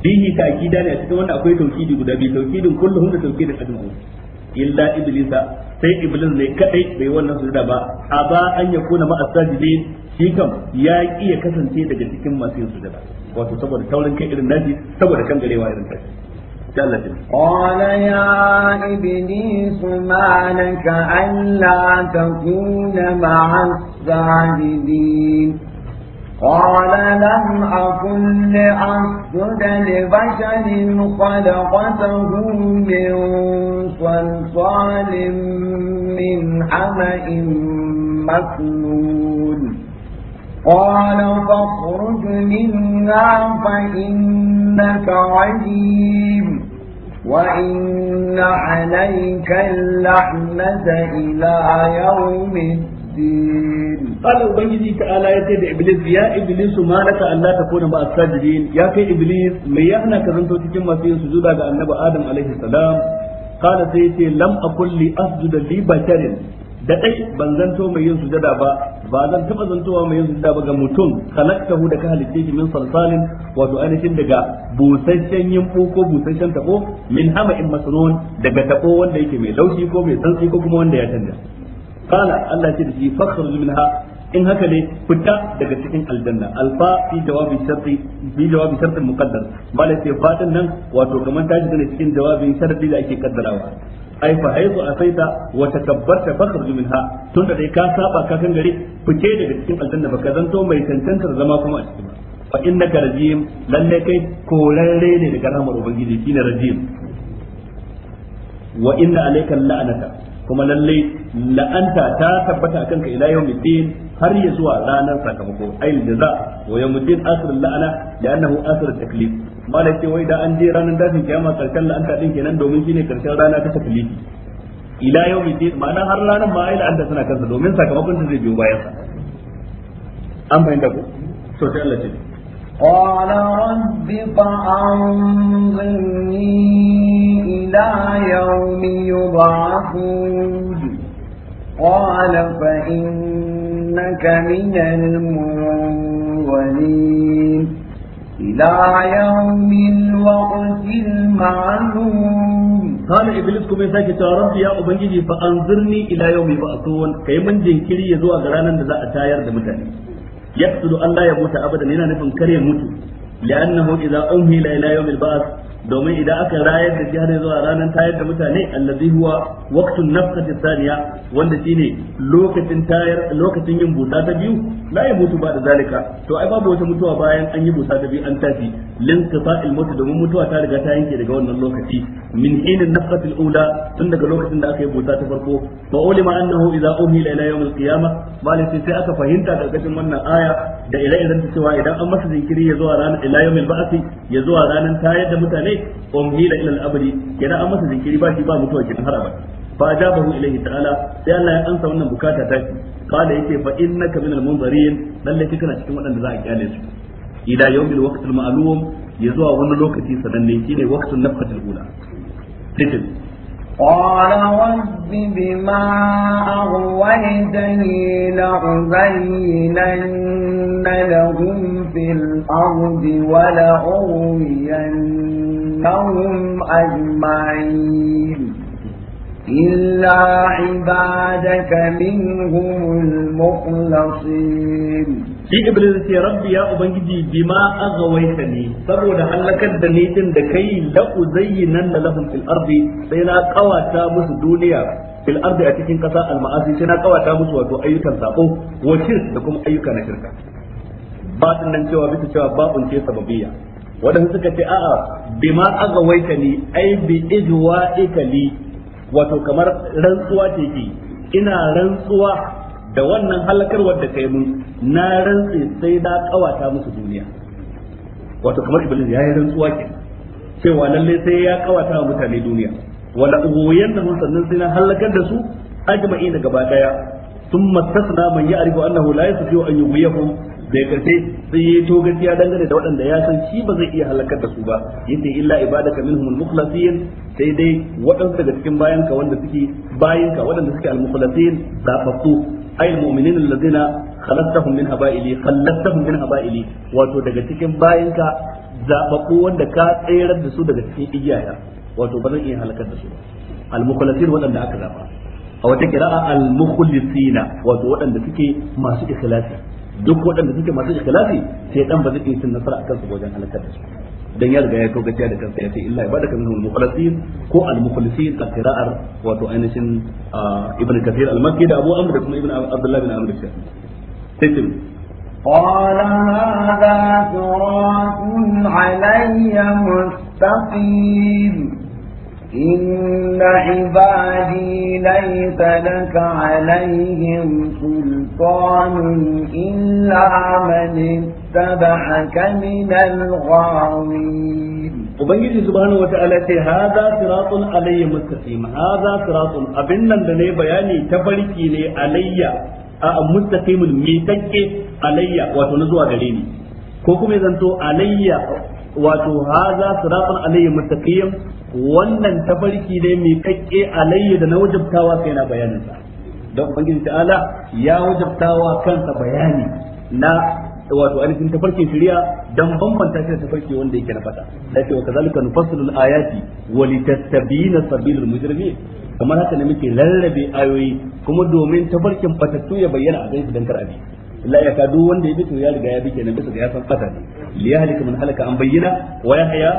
bihi ta akida ne a cikin wanda akwai tauhidi guda biyu tauhidin kulluhum da tauhidin ajma'un illa iblisa sai iblis ne kadai bai wannan da ba a ba an ya kuna ma asajidin shi kam ya iya kasance daga cikin masu yin sujada wato saboda taurin kai irin naji saboda kan garewa irin tashi قال يا إبليس ما لك ألا تكون مع الساجدين قال لم أكن لأسجد لبشر خلقته من صلصال من حمأ مكنون قال فاخرج منها فإنك رجيم وإن عليك اللعنة إلى يوم الدين قال أبنجي تعالى يتدع إبليس يا إبليس ما لك أن لا تكون مع الساجدين يا في إبليس ليهنا كذنتو تجمع في سجودا النبي آدم عليه السلام قال سيتي لم أقل لأسجد لبشر da dai ban zanto mai yin sujada ba ba zan taba zantowa mai yin sujada ba ga mutum khalaqtahu da ka halitta shi min salsalin wato ainihin daga busasshen yimbo ko busasshen tabo min hama'in masrun daga tabo wanda yake mai laushi ko mai santsi ko kuma wanda ya tanda qala Allah ce da fakhruj minha in haka ne fita daga cikin aljanna alfa fi jawabi sharti bi jawabi sharti muqaddar malaka fatan nan wato kamar ta ji cikin jawabin sharti da ake kaddarawa ai fa haizu asaita wa takabbarta fakhruj minha tun da dai ka saba ka kan gari fice daga cikin aljanna baka zanto mai tantantar zama kuma a cikin fa innaka rajim lalle kai korarre ne daga rahmar ubangiji shine rajim wa inna alayka la'anata kuma lalle la'anta ta tabbata akan ka ila yawmiddin har ya zuwa ranar sakamako ai jaza wa yawmiddin asr la'ana li'annahu asr taklif malai wai da an je ranar dafin kiyama karshen la'anta din kenan domin shine karshen rana ta takalifi ila yau mai ma ma'ana har ranar ma ila anta suna kansa domin sakamakon da zai biyo bayan sa an fahimta ko so sai Allah ce قال رب فأنظرني إلى يوم يبعثون قال فإنك من المنظرين ila yawmin waqtil ma'lum kana iblis kuma ya sake cewa rabbi ya ubangiji fa anzirni ila yawmi ba'thun kai mun jinkiri ya zuwa ga ranar da za a tayar da mutane yaqsudu Allah ya mutu abadan yana nufin kare mutu li'annahu idza umhila ila yawmil ba'th domin idan aka rayar da shi zuwa ranar tayar da mutane allazi huwa waqtun nafsati thaniya wanda shine lokacin tayar lokacin yin busa ta biyu la ya ba da zalika to ai babu wata mutuwa bayan an yi busa ta biyu an tafi Lin al-maut domin mutuwa ta riga ta yanke daga wannan lokaci min hina nafqat al-ula tun daga lokacin da aka yi buta ta farko fa ulima annahu idza umila ila yawm al-qiyamah malai sai aka fahimta daga cikin wannan aya da ire-iren cewa idan an masa jinkiri ya zuwa ranar ila yawm al ya zuwa ranar tayar da mutane umila ila al-abdi idan an masa jinkiri ba shi ba mutuwa kin har abada fa ajabahu ilayhi ta'ala sai Allah ya ansa wannan bukata ta shi kala yake fa innaka minal munzirin lalle kana cikin waɗanda za a kyale su ila yawmil waqtil ma'lum ya zuwa wani lokaci sananne shine waqtun nafhatil ula titin قال رب بما أغويتني لأزينن لهم في الأرض ولأغوينهم أجمعين إلا عبادك منهم المخلصين shi iblis ce rabbi ya ubangiji bima aghwayta ni saboda halakar da ni din da kai la uzayyinan lahum fil ardi sai na kawata musu duniya fil ardi a cikin kasa al ma'asi sai na kawata musu wato ayyukan sako wacin da kuma ayyuka na shirka ba nan cewa bisa cewa babun ce sababiyya wadanda suka ce a'a bima aghwayta ni ai bi ijwa'ika li wato kamar rantsuwa ce ina rantsuwa da wannan halakarwar da kai mun na rantsi sai na kawata musu duniya wato kamar iblis ya yi rantsuwa ke cewa lalle sai ya kawata wa mutane duniya wala ugoyen da sannan sai na halakar da su ajma'i da gaba daya sun mastasna man ya arifu annahu la yasfiu an yughyihu da karshe sai ya to gaskiya dangane da waɗanda ya san shi ba zai iya halakar da su ba yace illa ibadaka minhumul mukhlasin sai dai waɗansu daga cikin bayanka wanda suke bayanka waɗanda suke al-mukhlasin zaɓaɓɓu. ay almu'minin alladhina khalaqtahum min haba'ili khalaqtahum min haba'ili daga cikin bayinka zababbu wanda ka tsayar da su daga cikin igiyaya wato ba iya halakar da su al-mukhlasin wadanda aka zaba a wata kira'a al-mukhlisina wato wadanda suke masu ikhlasi duk wadanda suke masu ikhlasi sai dan ba zai iya cin nasara akan su wajen halakar da su dan ya riga ya kau gaciya da kansa ya ce illa ya bada kan al-mukhlasin ko al-mukhlasin a qira'ar wato ainihin ibn kathir al-makki da abu amr da kuma ibn abdullah bin amr shafi sai قال هذا صراط علي مستقيم إن عبادي ليس لك عليهم سلطان إلا من اتبعك من الغاوين Ubangiji subhanahu wata'ala ce haza siratun alayya mustaqim haza siratun abin nan da ne bayani ta barki ne alayya a mustaqimul mitakke alayya wato na zuwa gare ni ko kuma zanto alayya wato haza siratun alayhi mustaqim wannan tafarki ne mai kakke alayhi da na wajabtawa sai na bayanin sa don ubangiji ta'ala ya wajabtawa kansa bayani na wato alifin tafarkin shari'a dan bambanta shi da tafarki wanda yake na fata sai wa kazalika nufassilu ayati wa litastabina sabilul mujrimin kamar haka ne muke lallabe ayoyi kuma domin tafarkin fatattu ya bayyana a gaisu dan karabi illa ya ka duk wanda ya bi to ya riga ya bi kenan bisa ga ya san fata ne li yahlika man halaka an bayyana wa yahya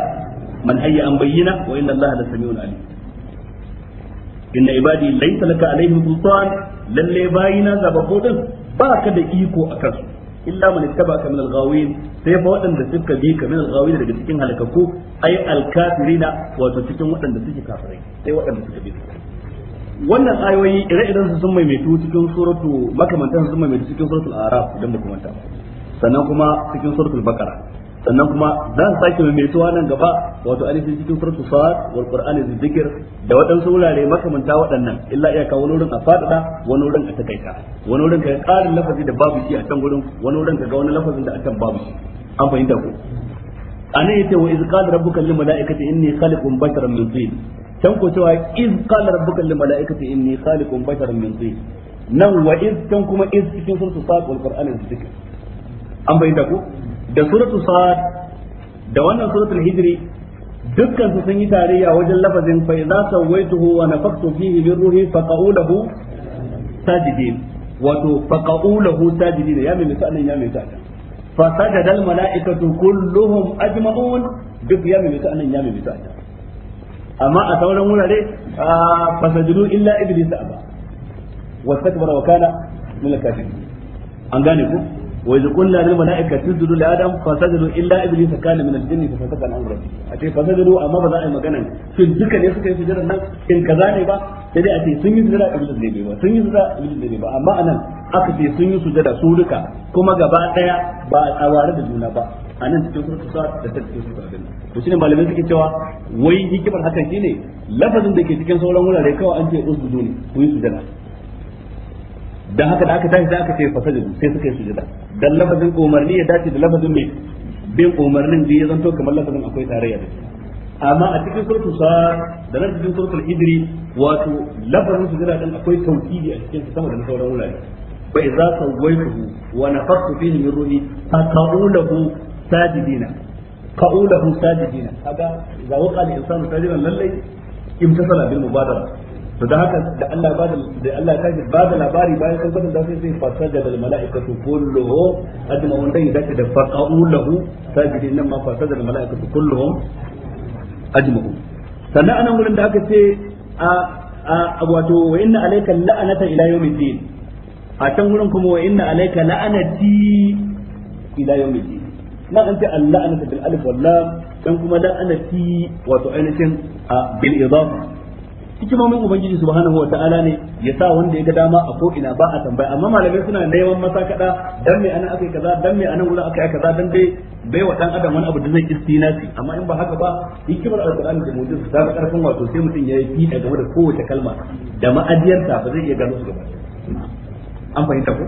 man hayya an bayyana wa inna allaha la samiun alim inna ibadi laysa laka alaihim sultan lalle bayina zababbo din ba ka da iko akan kansu illa man ittaba'aka min al-ghawin sai fa waɗanda suka bi ka min al-ghawin daga cikin halakaku ay al-kafirina wato cikin waɗanda suke kafirai sai waɗanda suka bi ka wannan ayoyi ire idan su sun maimaitu cikin suratu makamantan sun maimaitu cikin suratul araf idan muka manta sannan kuma cikin suratul bakara sannan kuma za su sake maimaituwa nan gaba wato alifin cikin suratul sa'ad wal qur'ani zikir da waɗansu wurare makamanta waɗannan illa iya kawo wani wurin a faɗaɗa wani wurin a takaita wani wurin ka ƙarin lafazi da babu shi a can gurin wani wurin ka ga wani lafazin da a can babu shi an fahimta ko anan yace wa iz qala rabbuka lil malaikati inni khaliqun basharan min tin can ko cewa iz qala rabbuka lil malaikati inni khaliqun basharan min tin nan wa iz can kuma iz cikin suratul sad wal qur'an zikr an bayyana ku da suratul sad da wannan suratul hijri dukkan su sun yi tarayya wajen lafazin fa idza sawaituhu wa nafaqtu fihi min ruhi faqa'u lahu sajidin wato faqa'u lahu sajidin ya mai misalin ya mai ta'ala fa sajada al mala'ikatu kulluhum ajma'un duk ya mai anan ya mai bisa amma a sauran wurare fa sajadu illa iblis aba wastakbara wa kana min al an gane ku wa idh qulna lil mala'ikati isjudu li adam illa iblis kana min al-jinni fa fasaqa an rabbi a ce amma ba za a yi magana shin duka ne suka yi nan in kaza ne ba sai dai a ce sun yi ba sun yi aka ce sun yi sujada su duka kuma gaba daya ba a tsaware da juna ba a nan cikin kuma sa da ta cikin su karfin to shine malamai suke cewa wai hikimar hakan shine lafazin da ke cikin sauran wurare kawai an ce usjudu ne ku yi sujada dan haka da aka tashi sai aka ce fasajin sai suka yi sujada dan lafazin umarni ya dace da lafazin mai bin umarnin da ya zanto kamar lafazin akwai tarayya da amma a cikin surtu sa da nan cikin surtu idri wato lafazin sujada din akwai tauhidi a cikin sama da sauran wurare fa idza sawaituhu wa nafakhtu fihi min ruhi faqaulahu sajidina qaulahu sajidina kaga idza waqa al-insanu sajidan lallai imtasala bil mubadara to da haka da Allah ba da Allah ta ce ba da labari bayan sun fada da sai fasaja da malaikatu kulluhu adna wanda ya dace da faqau lahu sajidin nan ma fasaja da sannan anan da aka ce a a wato wa inna alayka la'anata ila a can wurin kuma wa inna alaika la'anati ila yawmiddin na an ce al-la'natu bil alif wal lam dan kuma la'anati wato ainihin bil idafa hikimomin ubangiji subhanahu wa ta'ala ne ya sa wanda ya ga dama a ko ina ba a tambaya amma malamai suna neman masa kada dan me ana akai kaza dan me ana wurin akai kaza dan dai bai wa dan adam wani abu da zai istinasi amma in ba haka ba hikimar alqur'ani da mu'jiza ta ga karfin wato sai mutum ya yi game da kowace kalma da ma'adiyarta ba zai iya gano su gaba an fahimta ko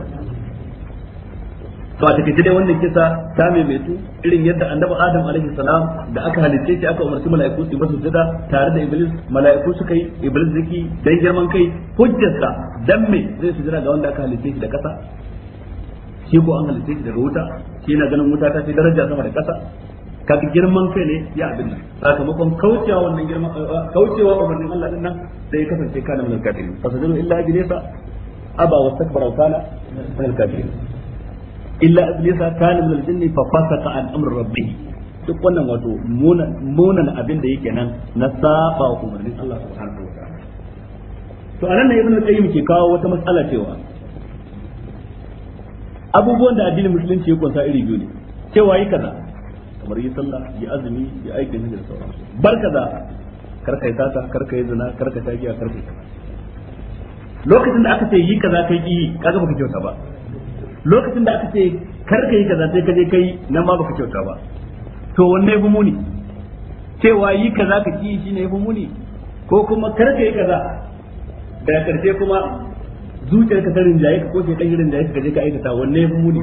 to a take dai wannan kisa ta maimaitu irin yadda annabi adam alaihi salam da aka halicce shi aka umarci mala'iku su masa sujada tare da iblis mala'iku suka yi iblis zaki dan girman kai hujjarsa dan me zai sujada ga wanda aka halicce shi da kasa shi ko an halicce shi daga wuta shi na ganin wuta ta fi daraja sama da kasa kaga girman kai ne ya abin nan sakamakon kaucewa wannan girman eh, kaucewa umarnin Allah din nan sai ya kasance kana mun kafiri fasajuru illa bi nisa aba wastakbara wa kana min al-kafirin illa iblisa kana min al-jinni fa fasaqa duk wannan wato munan abin da yake nan na saba wa umarnin Allah subhanahu wa to anan ne ibn al-qayyim ke kawo wata matsala cewa abubuwan da addinin musulunci ya kunsa iri biyu ne cewa yi kaza kamar yi sallah yi azumi yi aikin hijira sauransu bar kaza karka yi sata karka yi zina karka ta giya karka yi kaza lokacin da aka ce yi kaza kai ki kaga baka kyauta ba lokacin da aka ce kar ka yi kaza sai ka je kai nan ma baka kyauta ba to wanne yafi muni cewa yi kaza ka ki ne yafi muni ko kuma kar ka yi kaza da karshe kuma ka tarin rinjaye ka ko sai kan rinjaye ka je ka aikata wanne yafi muni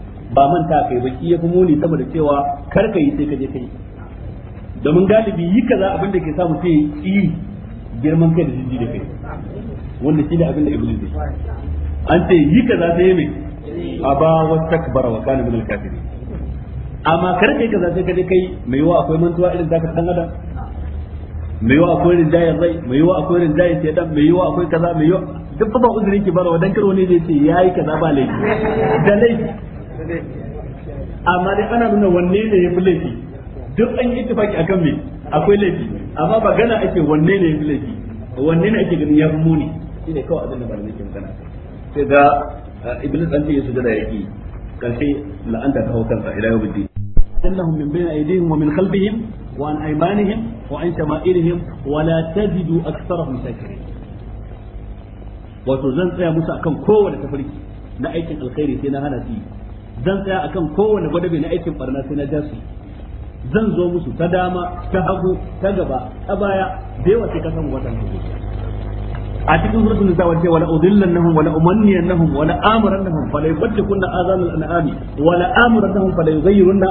ba manta kai ba ki yafi muni saboda cewa kar ka yi sai ka je kai domin galibi yi kaza abin da ke samu sai yi girman kai da jiji da kai wanda shi da abin da iblis zai an ce yi kaza sai mai aba wa takbara wa kana min al-kafirin amma kar kai kaza sai ka je kai mai wa akwai mantuwa irin zaka dan adam mai yiwa akwai rin rinjayen rai mai yiwa akwai rin rinjayen shaidan mai yiwa akwai kaza mai yiwa duk ba uzurin ki wa dan karo ne da yace yayi kaza ba laifi da laifi amma dai ana nuna wanne ne ya fi laifi duk an yi tufaki akan me akwai laifi amma ba gana ake wanne ne ya fi laifi wanne ne ake ganin ya fi muni shi ne kawai abin da malamai ke magana sai ga uh, iblis an ce ya sujada yaki karshe la'anta ta hau kansa ila yau bidi إنهم min بين أيديهم ومن خلفهم وعن أيمانهم وعن شمائلهم ولا تجد أكثرهم شاكرين wato zan tsaya musu akan kowane tafarki na aikin alkhairi sai na hana su zan tsaya akan kowane gwadabi na aikin barna sai na jasu zan zo musu ta dama ta hagu ta gaba ta baya da yawa sai ka samu watan hagu a cikin suratul nisa wace wala udillannahum wala umanniyannahum wala amrannahum fala yubtikunna azanal anami wala amrannahum fala yughayyirunna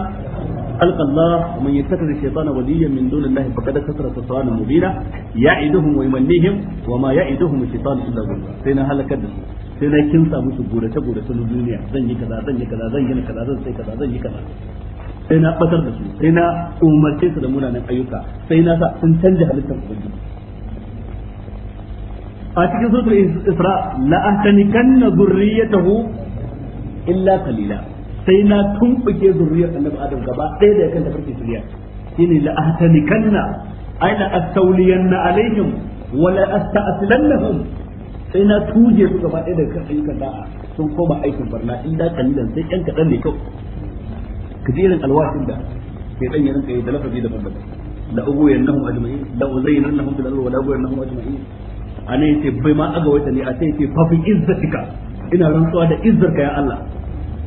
ألقى الله ومن يتخذ الشيطان وليا من دون الله فقد كسر خسرانا مبينا يعدهم ويمنيهم وما يعدهم الشيطان إلا غرورا سينا هلك الدسوس sai na kinsa musu gurace gurace na duniya zan yi kaza zan yi kaza zan gina kaza zan sai kaza zan yi kaza sai na batar da su sai na umarce su da munanan ayyuka sai na sa sun canja halittar ubangiji a cikin suratul isra la ahtanikanna zurriyatahu illa qalila sai na tumbuke zurriyar annabi adam gaba ɗaya da yakan da farki shirya shine la ahtanikanna ay la astawliyanna alaihim wa la asta'silannahum sai na tuje su gaba ɗaya daga kan ayyukan da'a sun koma aikin barna in da kalilan sai ɗan kaɗan ne kyau. ka ji irin alwashin da sai ɗan ya rinka yi da lafazi da bambanta la uguwayannahum ajma'in la uzayyinannahum fil ardi wa la uguwayannahum a ana yace bai ma aga wata ne a sai yace fafi fi izzatika ina rantsuwa da ka ya Allah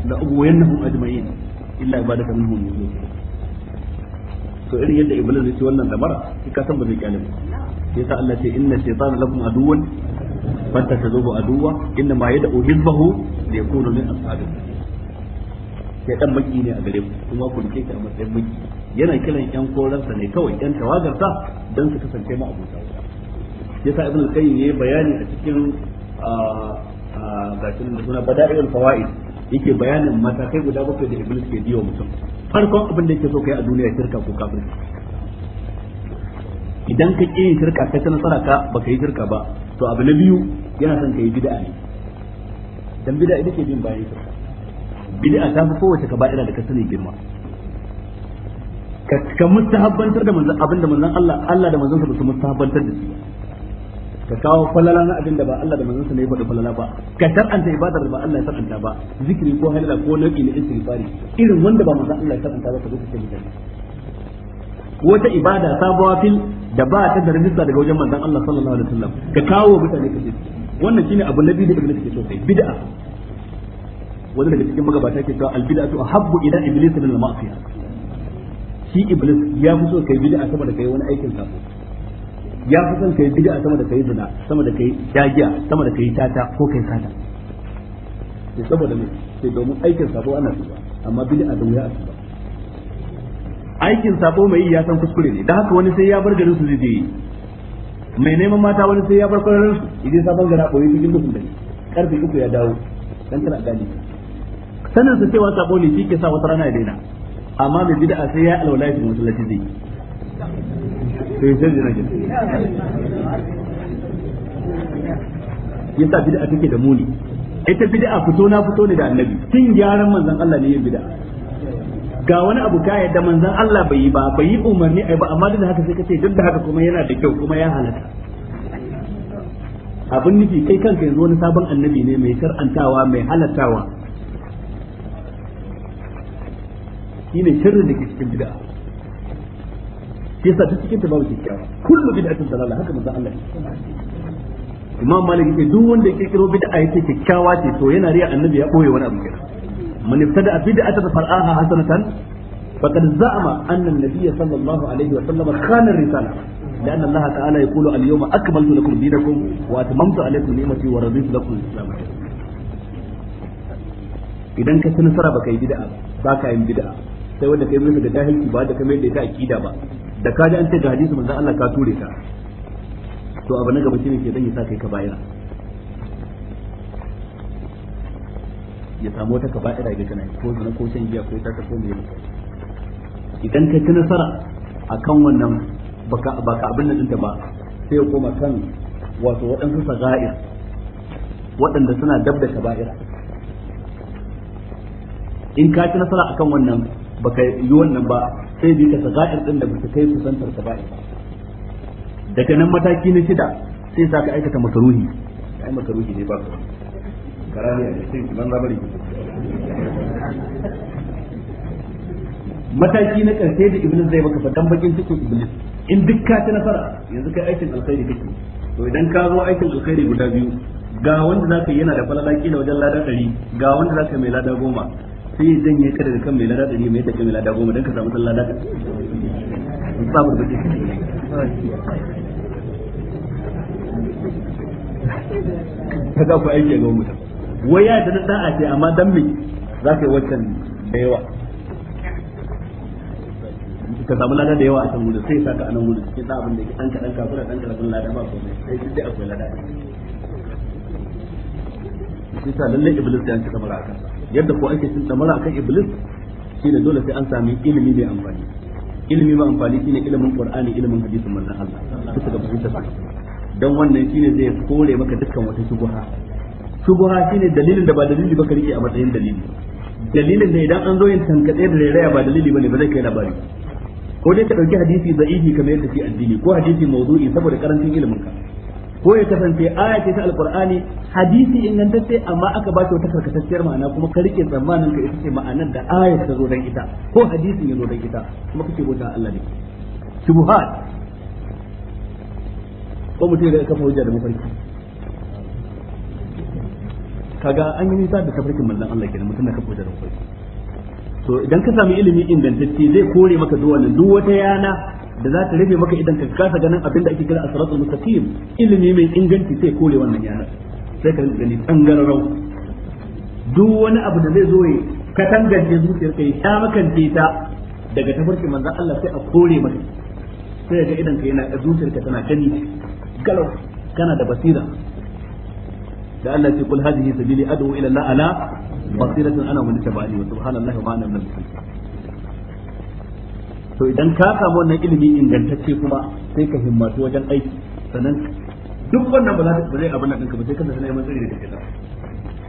la uguwayannahum ajma'in illa ibadaka minhum yuzun to irin yadda iblis ya wannan wannan damara ka san ba zai kyale ba yasa Allah ce inna shaytana lakum aduwwan fanta ta zubu aduwa inda ma yadda uhibbahu da ya kono min ashabi ya dan maki ne a gare ku kuma ku rike a matsayin maki yana kiran yan koransa ne kawai yan tawagarsa dan su kasance ma abota yasa ibn al-qayyim yayi bayani a cikin gashin da suna bada'il fawaid yake bayanin matakai guda bakwai da iblis ke biyo mutum farkon abin da yake so kai a duniya shirka ko kafirci idan ka ƙi yin shirka kai ta nasara ka baka yi shirka ba to abu na biyu yana son ka yi bid'a ne dan bid'a ita ke bin bayan shirka bid'a ta fi kowace ka ba'ira da ka sani girma ka mustahabbantar da manzon abin da manzon Allah Allah da manzon sa ba su mustahabbantar da shi ka kawo falala na abin da ba Allah da manzon sa ne ba da falala ba ka taranta ibadar da ba Allah ya taranta ba zikiri ko halala ko nau'i na istighfari irin wanda ba manzon Allah ya taranta ba ka zo ka ce wata ibada sabuwa fil da ba ta da daga wajen manzon Allah sallallahu alaihi wasallam ka kawo mutane kace wannan shine abu nabi da ibnu take so kai bid'a wanda daga cikin magabata ke cewa al bid'atu ahabbu ila iblis min al ma'siyah shi iblis ya fi so kai bid'a sama da kai wani aikin sabo ya fi son kai bid'a sama da kai zina sama da kai jagiya sama da kai tata ko kai sata sai saboda me sai domin aikin sabo ana so amma bid'a da wuya a so aikin sabo mai ya san kuskure ne da haka wani sai ya bar garin su zai yi mai neman mata wani sai ya bar kwararin su idan sabon gara koyi cikin duhun da karfe uku ya dawo dan kana gani sanin su cewa sabo ne shi sa wata rana ya daina amma mai bid'a sai ya alwala shi lati zai to sai jina gida yasa bid'a take da muni ita bid'a fito na fito ne da annabi tun gyaran manzon Allah ne yin bid'a ga wani abu ka yadda manzan Allah bai yi ba bai yi umarni ai ba amma duk da haka sai ka duk da haka kuma yana da kyau kuma ya halaka abin nufi kai kanka yanzu wani sabon annabi ne mai shar'antawa mai shi ne shirin da ke cikin bid'a shi yasa duk cikin ta babu kyakkyawa kullu bid'atin dalala haka manzan Allah Imam Malik ya duk wanda ya kirkiro bid'a yake kyakkyawa ce to yana riya annabi ya boye wani abu kenan man ibtada bid'atan far'aha hasanatan faqad za'ama anna an-nabiy sallallahu alaihi wa sallam khana ar-risala لأن الله تعالى يقول اليوم أكملت لكم دينكم وأتممت عليكم نعمتي ورضيت لكم الإسلام idan ka ci nasara baka yi bid'a ba ka yin bid'a sai wanda kai musu da jahilci ba da kamar da ita akida ba da ka ji an ce ga hadisi manzon Allah ka ture ta to abu na gaba shine ke dan yasa kai ka ba. ya samu wata kaba'ira ga kana ko zana ko shan giya ko ta ko me idan ka ci nasara akan wannan baka baka abin nan dinta ba sai ya koma kan wato waɗansu saga'ir waɗanda suna dab da kaba'ira in ka ci nasara akan wannan baka yi wannan ba sai bi ka saga'ir din da baka kai kusantar kaba'ir daga nan mataki na shida sai sa ka aikata makaruhi ai makaruhi ne ba ka karamiya ne sai ki banza bari mataki na karshe da iblis zai maka fadan bakin cikin iblis in duk ka ci nasara yanzu kai aikin alkhairi kake to idan ka zo aikin alkhairi guda biyu ga wanda zaka yi yana da falala kila wajen lada ɗari ga wanda zaka mai lada goma sai ya janye ka daga kan mai lada dari mai take mai lada goma dan ka samu san lada ɗari samun baki ka ku aiki ga mutum wai ya da da'a ce amma dan me za ka yi wancan da yawa ka samu lada da yawa a can gudun sai sa ka anan gudun cikin abin da ke ɗan kaɗan kafura ɗan kaɗan lada ba ko sai shi dai akwai lada shi sa lallai iblis ya ci a kan yadda ko ake cin a kan iblis shine dole sai an sami ilimi mai amfani ilimi mai amfani shine ilimin qur'ani ilimin hadisin manzon Allah su ga fahimta dan wannan shine zai kore maka dukkan wata shubha shubha shine dalilin da ba dalili ba ka rike a matsayin dalili dalilin da idan an zo yin tankaɗe da rairaya ba dalili ba ne ba zai kai labari ko dai ta dauki hadisi da'ifi kamar yadda ke addini ko hadisi mawdu'i saboda karancin ilimin ka ko ya kasance aya ce ta alqur'ani hadisi ingantacce amma aka ba ta wata karkatacciyar ma'ana kuma ka rike tsammanin ka ita ce ma'anar da aya ta zo dan ita ko hadisin ya zo dan ita kuma kake bauta Allah ne shubuhat ko mutum da kafa hujja da mafarki kaga an yi nisa da tafarkin manzon Allah kenan mutum na kafa da farko to idan ka sami ilimi ingantacce zai kore maka duk wannan duk wata yana da za ta rufe maka idan ka kasa ganin abin da ake kira asratul mustaqim ilimi mai inganci sai kore wannan yana sai ka gani tangararau duk wani abu da zai zo ya katangance zuciyarka ya sha makance ta daga tafarkin manzon Allah sai a kore maka sai ga idan ka yana zuciyarka tana gani galau kana da basira da Allah ce kul hadhihi sabili ad'u ila Allah ala ana mun tabani wa subhanallahi wa min to idan ka samu wannan ilimi ingantacce kuma sai ka himmatu wajen aiki duk wannan ba za ka zai abin nan ka ba sai ka tsari da kake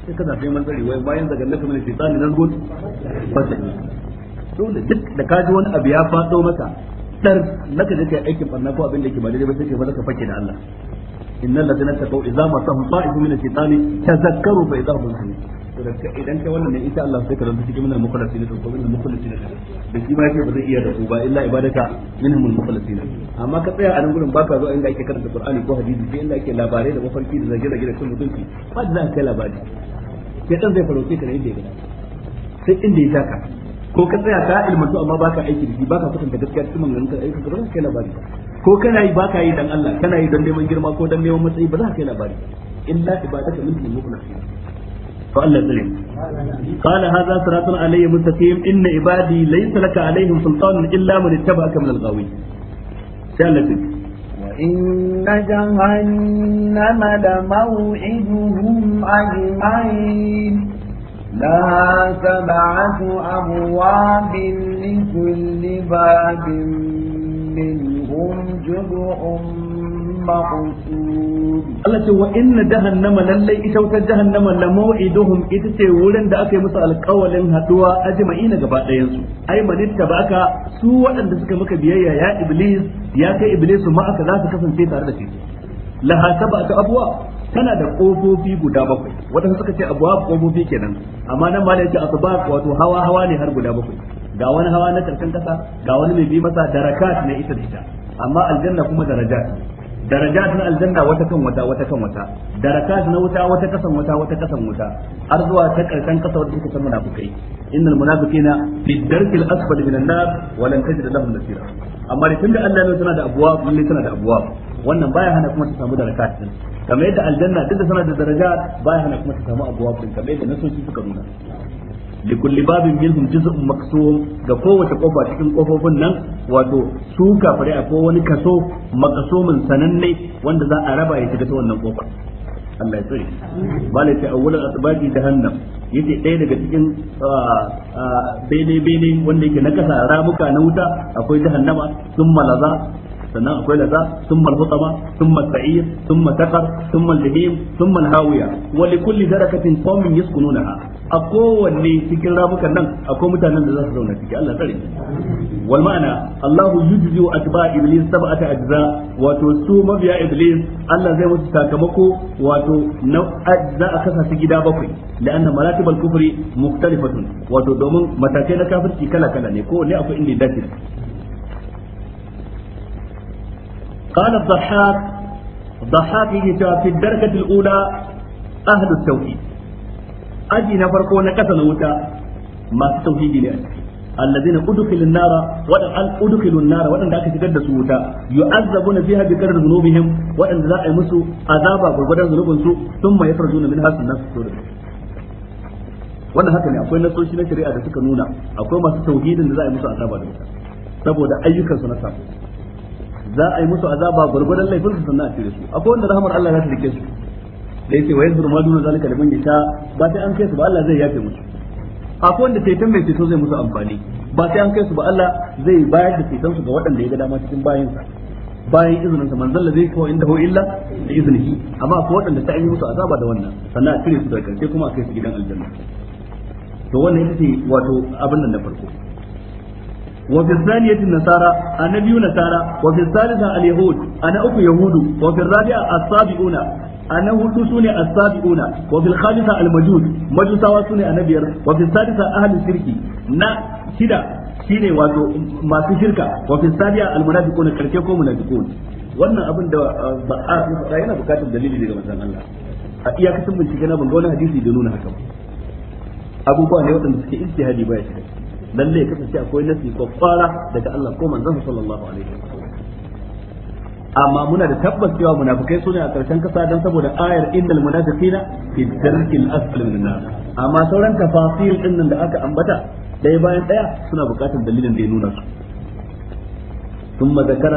sai ka zafi mai tsari wai bayan shaytani nan duk da ka ji wani abu ya fado maka dar naka da kai aikin barna ko abin da ke ba daidai ba sai ka fake da Allah innal ladina taqaw idza masahum ta'ifun min ash-shaytani tazakkaru fa idza hum idan kai wannan ne ita Allah sai ka zanta cikin minal mukhlasin to ko minal mukhlasin da shi ma yake ba zai iya da ba illa ibadaka minhumul mukhlasin amma ka tsaya a nan gurin baka zo inda ake karanta Qur'ani ko hadisi sai inda ake labarai da mafarki da zage-zage da cin mutunci ba da kai labari sai dan zai farauke ka ne inda ya gida sai inda ya taka ko ka tsaya ka ilmantu amma baka aiki da shi baka da gaskiya cikin maganganun ka eh, aiki ba za ka kai labari ko kana yi baka yi dan Allah kana yi dan neman girma ko dan neman matsayi ba za ka kai labari illa ibadaka minkum mukhlisin fa Allah tsare قال هذا صراط علي مستقيم إن عبادي ليس لك عليهم سلطان إلا من اتبعك من الغاوين ثالثا وإن جهنم لموعدهم أجمعين لها سبعة أبواب لكل باب منهم جزء مقصود الله وإن جهنم للي إتوت جهنم لموعدهم إتسي ولن دأك مسأل القول هدوا أجمعين قبات ينسو أي من اتبعك سوء أن تسكمك بيايا يا إبليس يا كإبليس معك لا تكفن في تاردك لها سبعة أبواب tana da ƙofofi guda bakwai wadanda suka ce abuwa ƙofofi kenan amma nan ma da yake asbab wato hawa hawa ne har guda bakwai ga wani hawa na karshen kasa ga wani mai bi masa darakat ne ita da ita amma aljanna kuma darajat daraja na aljanna wata kan wata wata kan wata darakat na wuta wata kasan wata wata kasan wata har zuwa ta karshen kasa wadda suka san munafikai innal munafiqina fi darkil asfali minan nar wa lan tajid lahum nasira amma da tunda Allah ne tana da abuwa lalle tana da abuwa wannan baya hana kuma ta samu darakat din kamar yadda aljanna duk da sana da daraja baya hana kuma ta samu abuwa din kamar yadda nasoci suka nuna li kulli babin minhum juz'un maqsum ga kowace kofa cikin kofofin nan wato su kafare ko wani kaso maqsumin sananne wanda za a raba ya shiga ta wannan kofa Allah ya tsare malai ta awwalan asbabi jahannam yace ɗaya daga cikin ah, ah, bene bene wanda yake na kasa ramuka na wuta akwai jahannama sun malaza sannan akwai laza sun al-hutama thumma sa'ir thumma taqar thumma al-jahim thumma al-hawiya wa li a cikin ramukan nan akwai mutanen da za su zauna ciki Allah tsare wal ma'ana Allahu yujzi wa atba iblis sab'ata ajza wato su mabiya iblis Allah zai musu sakamako wato na ajza a kasa su gida bakwai la'anna maratib al-kufri mukhtalifatun wato domin matakai na kafirci kala kala ne ko ne akwai inda ya dace قال الضحاك الضحاك في الدرجة الأولى أهل التوحيد أجي نفرقوا نكسل وتا ما التوحيد لأجل الذين أدخلوا النار ودخل أدخلوا النار وأن ذاك تقدس وتا يعذبون فيها بقدر ذنوبهم وأن ذا يمسوا عذابا بقدر ذنوبهم ثم يخرجون منها سنة السورة wannan haka ne akwai nasoshi na shari'a da suka nuna akwai masu tauhidin da za a yi musu azaba da ita saboda ayyukansu na sabo za a yi musu azaba gurgurdan laifin su sannan a cire su akwai wanda rahmar Allah za ta rike su da yake wayar zurma duna zalika liman yasha ba sai an kai su ba Allah zai yafe musu akwai wanda ceton mai ceto zai musu amfani ba sai an kai su ba Allah zai bayar da ceton su ga waɗanda ya ga dama cikin bayin sa bayan izinin sa manzalla zai kawo inda ho illa da iznihi amma akwai waɗanda ta yi musu azaba da wannan sannan a cire su daga karshe kuma a kai su gidan aljanna to wannan ita ce wato abin nan na farko وفي الثانية النصارى النبي نصارى وفي الثالثة اليهود أنا أكو يهود وفي الرابعة السابعون أنا هدو سوني السابعون وفي الخامسة المجوس مجوسا وسوني النبير وفي السادسة أهل الشرك نا شدا shine wato masu shirka wa fi sadiya almunafiquna karke ko munafiqun wannan abin da ah, ba ah, a faɗa yana bukatar dalili daga manzon Allah a iyakacin bincike na ban ga wani hadisi da nuna haka abubuwa ne waɗanda suke ijtihadi ba ya lalle ya kasance akwai nasi kwakwara daga Allah ko manzon sallallahu alaihi wasallam amma muna da tabbas cewa munafikai sune a ƙarshen kasa dan saboda ayar innal munafiqina fi darkil asfal min amma sauran tafasir din nan da aka ambata dai bayan daya suna buƙatar dalilin da ya nuna su ثم ذكر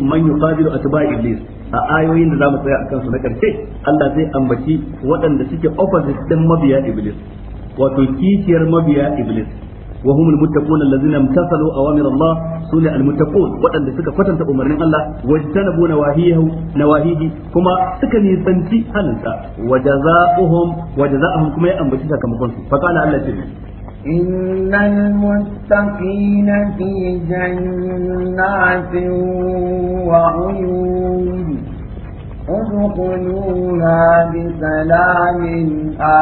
من يقابل اتباع ابليس a ayoyin da zamu tsaya akan su na karshe Allah zai ambaci waɗanda suke opposite ɗin mabiya iblis wato kishiyar mabiya iblis وهم المتقون الذين امتثلوا أوامر الله سنة المتقون وأن سكا فتن أمر الله واجتنبوا نواهيه نواهيه كما سكا نيسانتي أنسا وجزاؤهم وجزاؤهم كما يأنبتها كما قلت فقال الله تعالى إن المتقين في جنات وعيون ادخلوها بسلام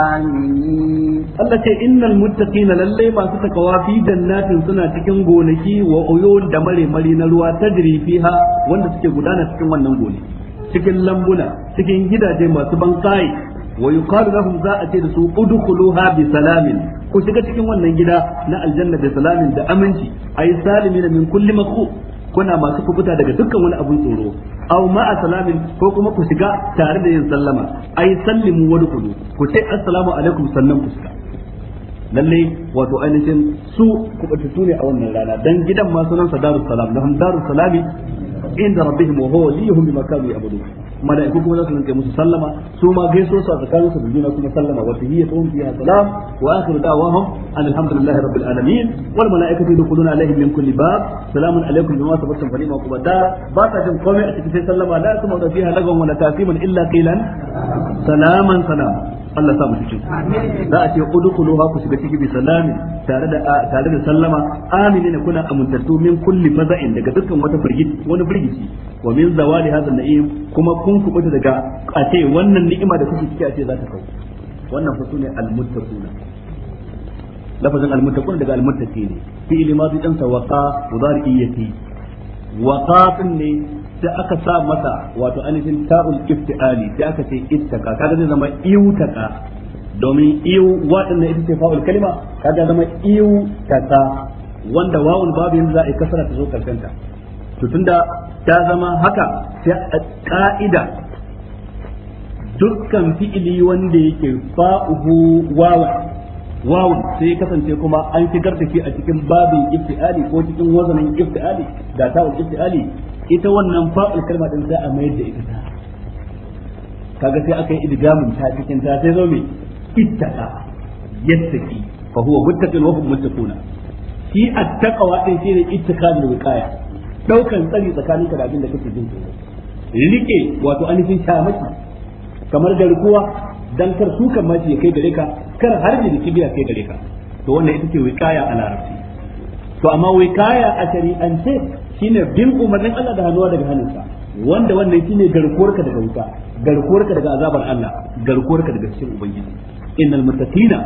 آمنين الله ce innal muttaqina lalle masu takawa da natin suna cikin gonaki wa uyun da mare na ruwa tajri fiha wanda suke gudana cikin wannan gonaki cikin lambuna cikin gidaje masu bankai wa yuqalu lahum za a ce da su udkhuluha bi salamin ku shiga cikin wannan gida na aljanna bi salamin da aminci ay salimina min kulli makhuf kuna masu kubuta daga dukkan wani abun tsoro aw ma'a ko kuma ku shiga tare da yin sallama ai sallimu wa dukulu ku ce assalamu alaikum sannan ku shiga lalle wato ainihin su kubutattu ne a wannan rana dan gidan ma sunan sa salam dan darus salami inda rabbihim wa huwa liyuhum bima kanu ya'budun malaiku kuma za su rinka musu sallama su ma gaiso su a tsakanin su bijina kuma sallama wa tahiyyatuhum fiha salam wa akhiru da'wahum alhamdulillahi rabbil alamin wal malaikatu yadkhuluna alaihim min kulli bab salamun alaikum bima sabartum fa ni'ma uqbada ba ta jin komai a cikin sai sallama la kuma da illa Allah sa mu cikin za a ce udkhuluha ku shiga ciki bi salamin tare da tare da sallama amina kuna amuntattu min kulli faza'in daga dukkan wata firgit wani da shi wa min zawali hadha na'im kuma kun kubuta daga a ce wannan ni'ima da kuke ciki a ce za ta kawo wannan fa sune almuttaquna lafazin almuttaquna daga almuttaqi ne fi'il madi dan sa waqa mudari'iyati waqa ne da aka sa masa wato anifin ta'ul iftiali da aka ce ittaka kaga zai zama iutaka domin iyu waɗannan ita ce fa'ul kalima kaga zama iyu tasa wanda wawun babu yanzu za a yi kasara ta zo karkanta to tunda ta zama haka sai ka'ida dukkan fi'ili wanda yake fa'uhu wawa wawun sai ya kasance kuma an shigar da shi a cikin babin iftiali ko cikin wazanin iftiali da ta'ul iftiali ita wannan fa'ul kalma din sai a mayar da ita kaga sai aka yi idgamin ta cikin ta sai zo me ittaqa yattaqi fa huwa muttaqin wa hum muttaquna shi at-taqwa din shine ittiqadul wiqaya daukan tsari tsakanin ka da abin da kake jin tsoro rike wato anifin shamaki kamar garkuwa dan kar su kan ya kai gare ka kar har da kibiya kai gare ka to wannan ita ce wikaya a larabci to amma wikaya a shari'ance shine bin umarnin Allah da hannuwa daga hannunsa wanda wannan shine garkuwar ka daga wuta garkuwar ka daga azabar Allah garkuwar ka daga cikin ubangiji innal muttaqina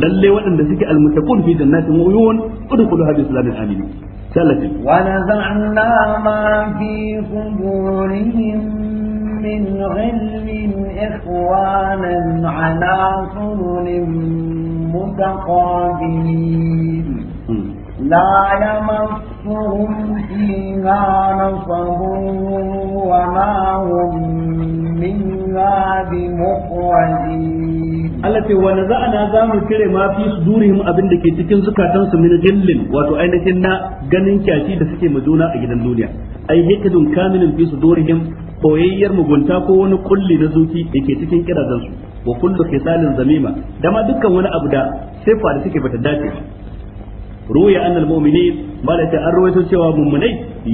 lalle waɗanda suke almuttaqun fi jannatin wa uyun udkhulu hadhihi salamin amin ثلاثة ونزعنا ما في صدورهم من غل إخوانا على سنن متقابلين لا يمسهم فيها نصب وما هم منها بمخرجين Allah ce wa naza'ana za mu cire ma fi sudurihim abin da ke cikin zukatansu min jillin wato ainihin na ganin kyashi da suke juna a gidan duniya ai hikadun kamilin fi sudurihim koyayyar mugunta ko wani kulli na zuci da ke cikin kirazansu wa kullu khisalin zamima dama dukkan wani abu da sifa da suke bata dace ruya annal mu'minin malaka an ruwaito cewa mummunai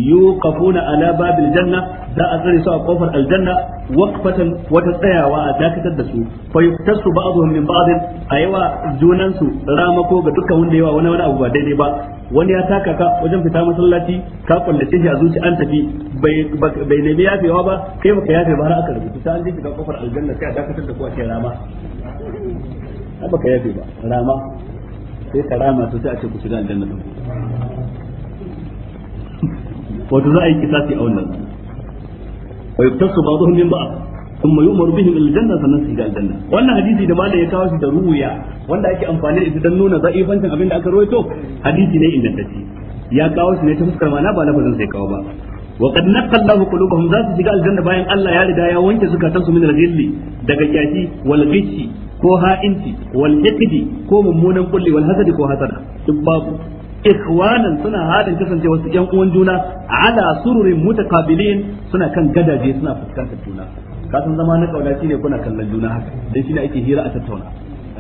yuqafuna ala babil janna za a tsare su a kofar aljanna waqfatan wata tsayawa a dakatar da su fa yuktasu ba'dhum min ba'd aywa junan su ramako ga dukkan wanda yawa wani wani abu ba daidai ba wani ya taka ka wajen fita masallaci ka kullace shi a zuci an tafi bai nemi yafewa ba kai baka yafe ba har aka rubuta ta an kofar aljanna sai a dakatar da ku a sai ka rama to sai a ce ku shiga aljanna din wato za a kisa kisasi a wannan wa ba ba'dhum min ba'd ثم يؤمر بهم الى الجنه sannan su shiga aljanna wannan hadisi da malai ya kawo shi da ruya wanda ake amfani da ita dan nuna za'i za'ifancin abin da aka rawaito hadisi ne ingantacce ya kawo shi ne ta fuskar mana ba lafazin sai kawo ba wa qad naqallahu qulubuhum za su shiga aljanna bayan Allah ya rida ya wanke zukatansu min al-ghilli daga kyashi wal ghishi ko ha'inci wal hiqdi ko mummunan kulli wal hasadi ko hasada duk babu ikhwanan suna hadin kasance wasu yan uwan juna ala sururin mutakabilin suna kan gadaje suna fuskantar juna ka san zama na kauna shine kuna kallon juna haka dan shine ake hira a tattauna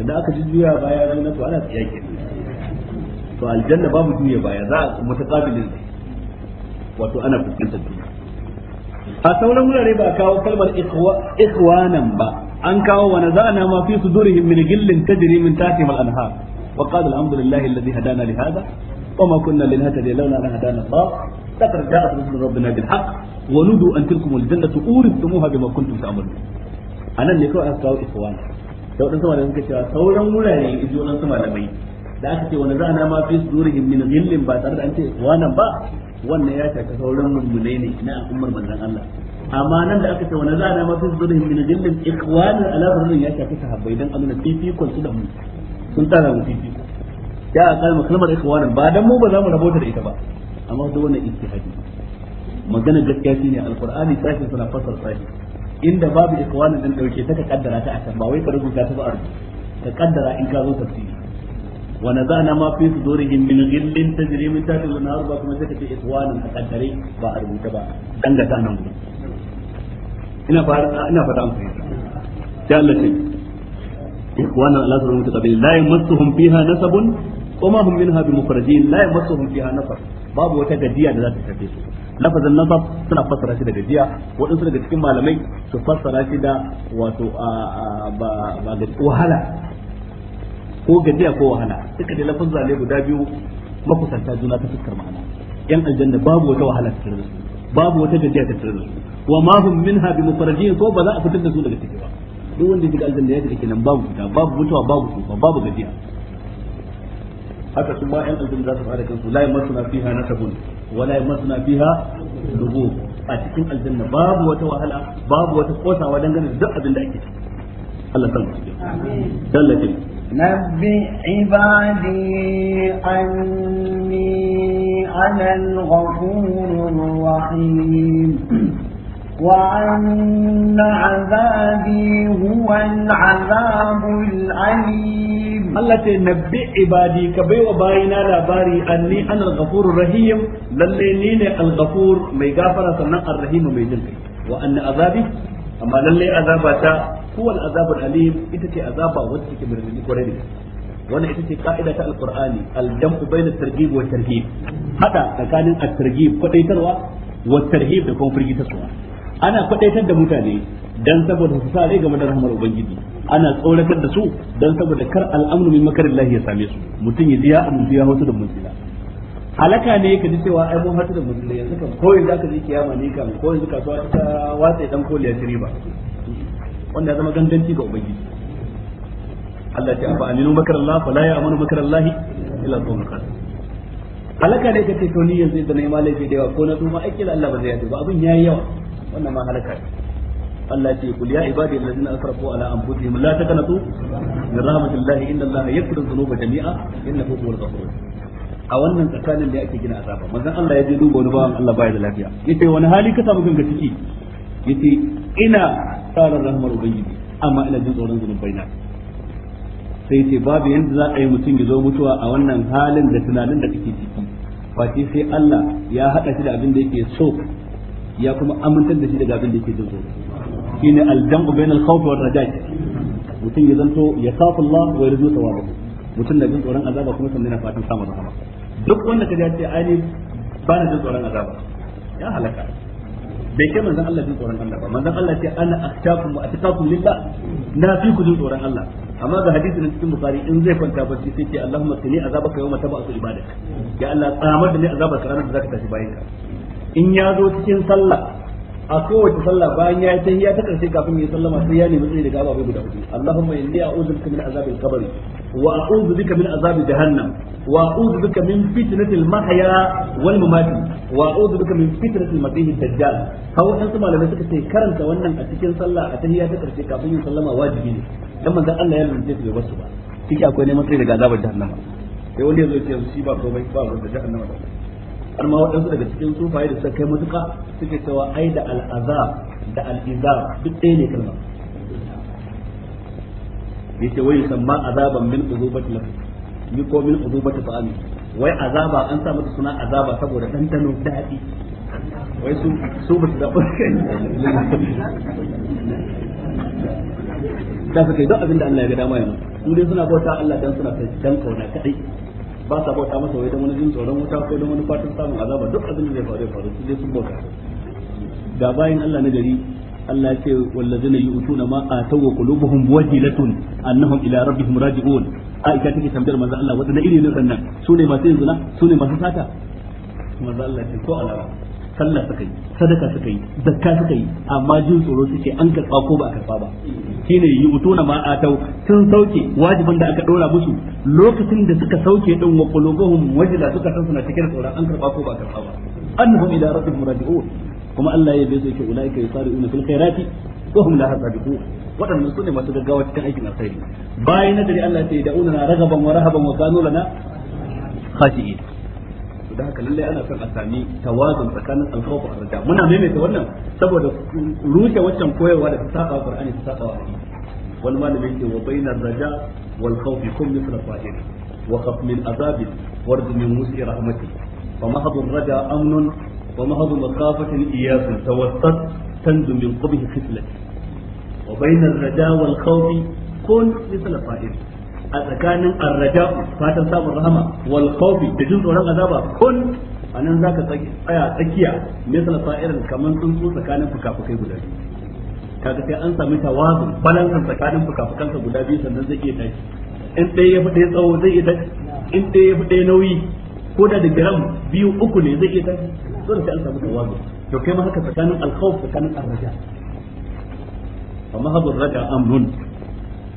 idan aka ji juya baya juna to ana tsiya ke to aljanna babu juya baya za a mutakabilin wato ana fuskantar juna a sauran wurare ba kawo kalmar ikhwanan ba an kawo wa nazana ma fi sudurihim min gillin tajri min tahtihim al-anhar wa qala alhamdulillahi alladhi hadana li hadha wa ma kunna linahtadiya lawla an hadana Allah laqad ja'at rusul rabbina bil haqq wa nudu an tilkum al-jannatu urithumuha bima kuntum ta'malun anan ne kawai aka kawo ikhwan da wadansu malamai suka cewa sauran wurare ijo nan su malamai da aka ce wani zana ma fi surihim min gillin ba tare da an ce ikhwanan ba wannan ya ta sauran mummunai ne na umar manzon Allah amma nan da aka ce wani za a nama dama sun zurin min jillin ikwanin alamurin ya shafi sahabbai don amina fifikon su da mu sun tsara mu fifiko ya a kalmar kalmar ikwanin ba dan mu ba za mu rabota da ita ba amma da wannan ijtihadi magana gaskiya shine alqur'ani sai suna fasar sai inda babu ikwanin din dauke ta ka kaddara ta a can ba wai ka rubuta ta ba arzu ka kaddara in ka zo tafsiri ونزعنا ما في صدورهم من غل تجري من تحت الانهار بكم سكت اخوانا تقدري با اربوك با دنگتا نمو ina fara ina fata an fahimta sai Allah ce ikwana ala sirrin mutaqabbil la yamassuhum fiha nasabun wa hum minha bimukhrajin la yamassuhum fiha nasab babu wata gajiya da za ta tafi su lafazin nasab suna fassara shi da gajiya waɗansu daga cikin malamai su fassara shi da wato ba ga wahala ko gajiya ko wahala duka da lafazin ne guda biyu makusanta juna ta fuskar ma'ana yan aljanna babu wata wahala cikin su babu wata gajiya ta tsare su wa ma hum minha bi mukharrijin ko ba za a fitar da su daga ciki ba duk wanda ya shiga aljanna ya shiga kenan babu fita babu mutuwa babu tsufa babu gajiya haka su ma yan aljanna za su fara kansu la yamassuna fiha nasabun wa la yamassuna fiha lughub a cikin aljanna babu wata wahala babu wata kosawa dangane da duk abin da ake Allah san ku amin نبئ عبادي أني أنا الغفور الرحيم وأن عذابي هو العذاب الأليم التي نبئ عبادي كبي وباينا لاباري أني أنا الغفور الرحيم للي الغفور ميغافرة الرحيم ميجلتي وأن عذابي أما للي عذابتا kowane azabar alim ita ce azaba wacce take mai kwarai da wannan ita ce ka'ida ta alqur'ani al-jam'u bayna at-targhib wa tarhib hada tsakanin at-targhib kwadaitarwa wa tarhib da kuma firgitarwa ana kwadaitar da mutane dan saboda su sa game da rahmar ubangiji ana tsoratar da su dan saboda kar al'amru min makarillahi ya same su mutum ya ji ya amince ya hoto da mutila halaka ne ka ji cewa ai mun hatu da mutila yanzu kan ko yanzu aka ji kiyama ne kan ko yanzu kasuwa ta watsa dan koliya riba wanda ya zama ganganci ga ubangiji Allah ce afa aminu makar Allah fa la ya'manu makar Allah illa qawmul kafirun halaka ne kace to ni yanzu da nayi malafi da yawa ko na tuma aikin Allah ba zai yi ba abin yayi yawa wannan ma halaka ne Allah ce kul ya ibadi allazina asrafu ala anfusihim la taqnatu min rahmatillahi inna Allah yaghfiru dhunuba jami'a innahu huwal ghafur a wannan tsakanin da ake gina azaba manzon Allah ya je duba wani bawan Allah baya da lafiya yace wani hali ka samu kanka ciki yace ina tsarin rahmar ubangiji amma ina jin tsoron zunubai na sai ce babu yanda za a yi mutum ya zo mutuwa a wannan halin da tunanin da kake ciki face sai Allah ya haɗa shi da abin da yake so ya kuma amintar da shi daga abin da yake jin tsoro shine aljamu bainal khawf war raja mutum ya zanto ya safa Allah wa yarju thawabahu mutum na jin tsoron azaba kuma sannan yana fatan samun rahama duk wanda kaje ya ce ai ba na jin tsoron azaba ya halaka bai kai manzon Allah jin tsoron Allah ba manzon Allah ce ana akhshakum wa atqakum lillah na fi ku jin tsoron Allah amma ga hadisi na cikin bukhari in zai kwanta barci sai ce Allahumma qini azabaka yawma tab'atu ibadak ya Allah tsamar da ni azabar ranar da zaka tashi bayan ka in ya zo cikin sallah a kowace sallah bayan ya yi tahiyya ta karshe kafin ya sallama sai ya nemi tsari daga ababai guda hudu Allahumma inni a'udhu bika min azabil qabri wa a'udhu bika min azabi jahannam wa a'udhu bika min fitnatil mahya wal mamat wa a'udhu bika min fitnatil masih dajjal hau dan su malamai suka ce karanta wannan a cikin sallah a tahiyya ta karshe kafin ya sallama wajibi ne dan manzon Allah ya lalace su wasu ba kike akwai neman tsari daga azabar jahannama sai wanda ya zo ya ce shi ba komai ba wanda jahannama ba har ma waɗansu daga cikin sufaye da suka kai matuka suke cewa ai da al'azab da al'izab duk ɗaya ne kalmar yace wai yusamma azaban min uzubati lahu ni ko min uzubati ta'ami wai azaba an sa mata suna azaba saboda dandano daɗi wai su su ba su da da suka yi don abin da Allah ya ga dama yanzu su dai suna bauta Allah dan suna dan kauna kadai ba sa bauta masa wai dan wani jin tsoron wuta ko da wani fatan samun azaba duk abin da zai faru faru su dai sun bauta ga bayan Allah na gari Allah ce wallazina yu'tuna ma ataw wa qulubuhum wajilatun annahum ila rabbihim raji'un aisha take tambayar manzo Allah wadanda iri ne sannan masu yin zina su masu sata manzo Allah ce ko alama sallah suka yi sadaka suka yi zakka suka yi amma jin tsoro suke an karba ko ba a karba ba shine yi utuna ma atau sun sauke wajibin da aka dora musu lokacin da suka sauke din wa qulubuhum wajila suka san suna cikin tsoron an karba ko ba a karba ba annahum ila rabbihim raji'un kuma Allah ya bai ce ulaika yusari'una fil khairati wa hum laha sabiqun waɗannan su ne masu gaggawa cikin aikin alkhairi bayan na dare Allah sai da'una ragaban wa rahaban wa kanu lana khashi'in to da haka lallai ana son a sami tawazun tsakanin alkhawf wa raja muna maimaita wannan saboda rushe waccan koyarwa da ta saba qur'ani ta saba hadisi wani malami yake wa bainar raja wal khawfi kun misra fa'il wa khaf min azab warj min wus'i rahmati Wa mahdu raja amnun wa mahdu maqafatin iyasun tawassat tanzu min qubhi khislati wa bainar raja wal khawfi kun misra fa'il a tsakanin arraja fatan samun rahama wal khawfi da jin tsoron azaba kun anan zaka tsaya tsakiya misal sa'irin kaman tsuntsu tsakanin fukafukai guda biyu kaga sai an sami tawazun balansan tsakanin fukafukansa guda biyu sannan zai iya tashi in ɗaya ya fi tsawo zai iya tashi in ɗaya ya fi nauyi ko da da gram biyu uku ne zai iya tashi dole sai an sami tawazun to kai ma haka tsakanin alkhawf tsakanin arraja amma mahabur raja amrun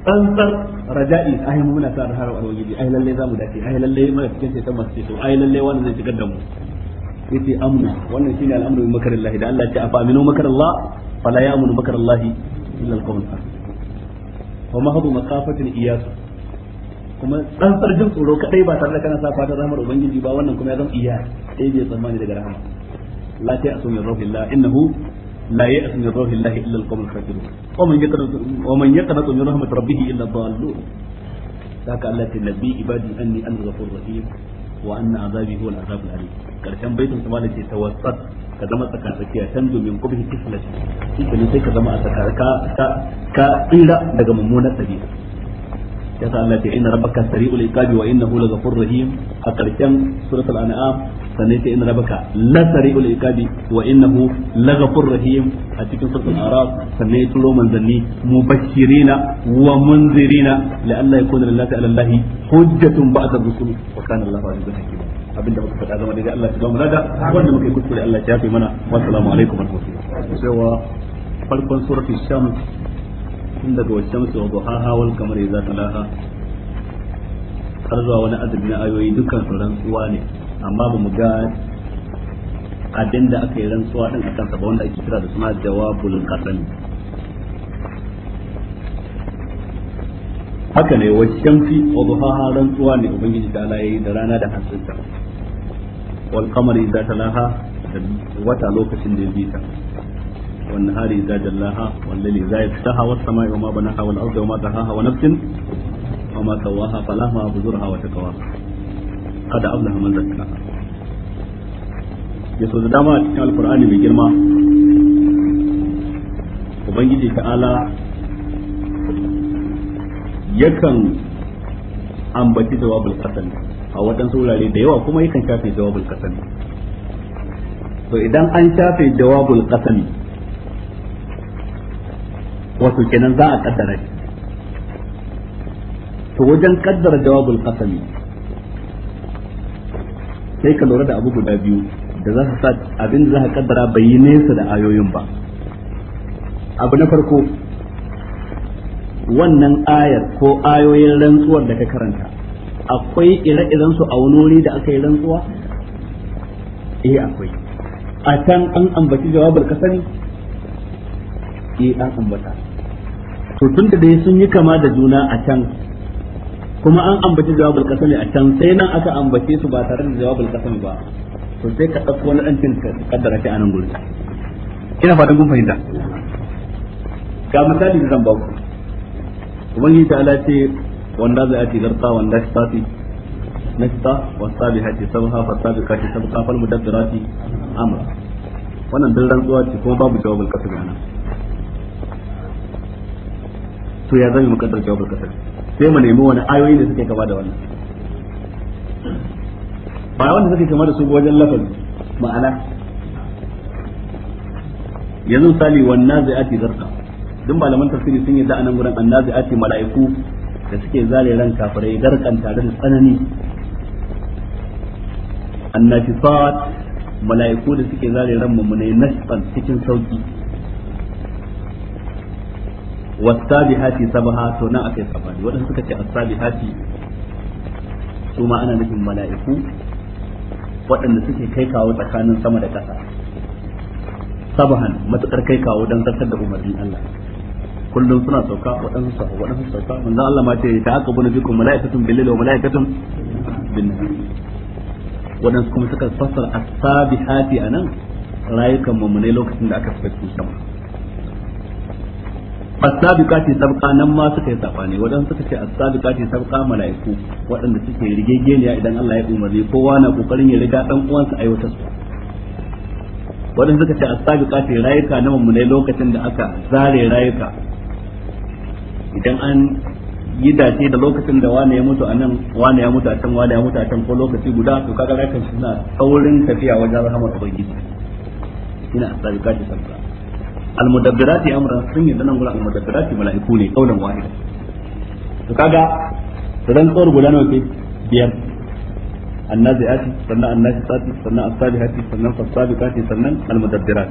tsantsar raja'i ai mu muna sa rahara wa ubangiji ai lalle za dace ai lalle cikin sai ai lalle wannan zai shigar da mu yace amna wannan shine al'amru bi da Allah ya ce afa aminu makarallah fala ya'munu illa wa mahdu maqafatin iyas kuma tsantsar jin tsoro kadai ba tare da kana sa fatan rahmar ubangiji ba wannan kuma ya zama iyas sai bai tsammani daga rahama la ta'asu min innahu لا يأس من روح الله إلا القوم الكافرون ومن يقنط ومن يقنط من رحمة ربه إلا الضالون ذاك الله تنبي عبادي أني أنا الغفور الرحيم وأن عذابي هو العذاب الأليم كرشان بيت المال يتوسط كزما تكاسكيا تنجو من قبه كفلة شيء كان سيكزما أتكاسكا كا إلا دقم مونة تبيه ya sa Allah ce inna rabbaka sari'ul iqabi wa innahu laghafurur rahim a karshen suratul an'am sanai ce inna rabbaka la sari'ul iqabi wa innahu laghafurur rahim a cikin suratul araf sannan ya turo manzanni mubashirina wa munzirina la'alla yakuna lillahi ala allahi hujjatun ba'da rusuli wa kana allahu azizun hakim abinda muka faɗa zama daidai Allah ya ba mu lada wanda muka yi kuskure Allah ya yafe mana wa assalamu alaikum wa rahmatullahi wa barakatuh farkon suratul shams tun daga wacce su wa duhaha hawal kamar idza talaha har zuwa wani adadi na ayoyi dukkan su rantsuwa ne amma ba mu ga abin da aka yi rantsuwa din a kansa ba wanda ake kira da suna jawabul qasam haka ne wacce fi wa hawal rantsuwa ne ubangiji da Allah yayi da rana da hantsinta wal kamar zata laha wata lokacin da ya bi ta والنهار إذا جلاها والليل إذا يغشاها والسماء وما بناها والأرض وما طحاها ونفس وما سواها فلهمها فجورها وتقواها قد أفلح من زكاها yaso da dama a cikin alkur'ani mai girma ubangiji ta'ala yakan ambaci jawabul a waɗansu wurare da yawa kuma yakan shafe jawabul qasam to idan an shafe jawabul qasami wato kenan za a kaddara shi to wajen kaddara jawabul qasami sai ka lura da abu guda biyu da za su sa abin da za ka kaddara bai yi nesa da ayoyin ba abu na farko wannan ayar ko ayoyin rantsuwar da ka karanta akwai ire-iren su a wani wuri da aka yi rantsuwa eh akwai a can an ambaci jawabul qasami eh an ambata to tun da dai sun yi kama da juna a can kuma an ambaci jawabul kasam a can sai nan aka ambace su ba tare da jawabul kasam ba to sai ka ɗauko wani dan cin kaddara kai anan nan gurin ina fatan kun fahimta ga misali da zan ba ku ubangiji ta ala ce wanda za a ci garka wanda ta safi nasta wasabihati sabha fasabikati sabqa fal mudabbirati amr wannan dun zuwa ce kuma babu jawabul kasam nan to ya zama mukaddar jawabul qasas sai mu nemi wani ayoyi da suke gaba da wannan ba wanda suke kama da su wajen lafal ma'ana yanzu sali wannan nazi'ati zarka dun malaman tafsiri sun yadda anan gurin annazi'ati mala'iku da suke zale ran kafirai darkan tare da tsanani annafisat mala'iku da suke zale ran mummunai nasban cikin sauki wasabihati sabaha to nan akai sabani wadanda suka ce asabihati su ma ana nufin mala'iku waɗanda suke kai kawo tsakanin sama da ƙasa sabahan matukar kai kawo don zartar da umarnin Allah kullum suna sauka waɗansu sauka waɗansu sauka manzo Allah ma ce ta aka buna bikum mala'ikatun billahi wa mala'ikatun bin waɗansu kuma suka fassara asabihati anan rayukan mamunai lokacin da aka fita sama as-sabiqati sabqa nan ma suka yi ne wadan suka ce as-sabiqati sabqa mala'iku waɗanda suke rigegeniya idan Allah ya umarni kowa na kokarin ya riga dan uwansa aiwatar su wadan suka ce as-sabiqati rayuka na mummunai lokacin da aka zare rayuka idan an yi dace da lokacin da wani ya mutu a nan wani ya mutu a can wani ya mutu a can ko lokaci guda to kaga rayukan suna saurin tafiya wajen rahamar ubangiji ina as-sabiqati sabqa almudabbirati amran sun yadda nan gurin almudabbirati mala'iku ne kaunan wahida to kaga tsor guda nawa ke biyar annazi'ati sannan annasisati sannan asabihati sannan fas sannan almudabbirat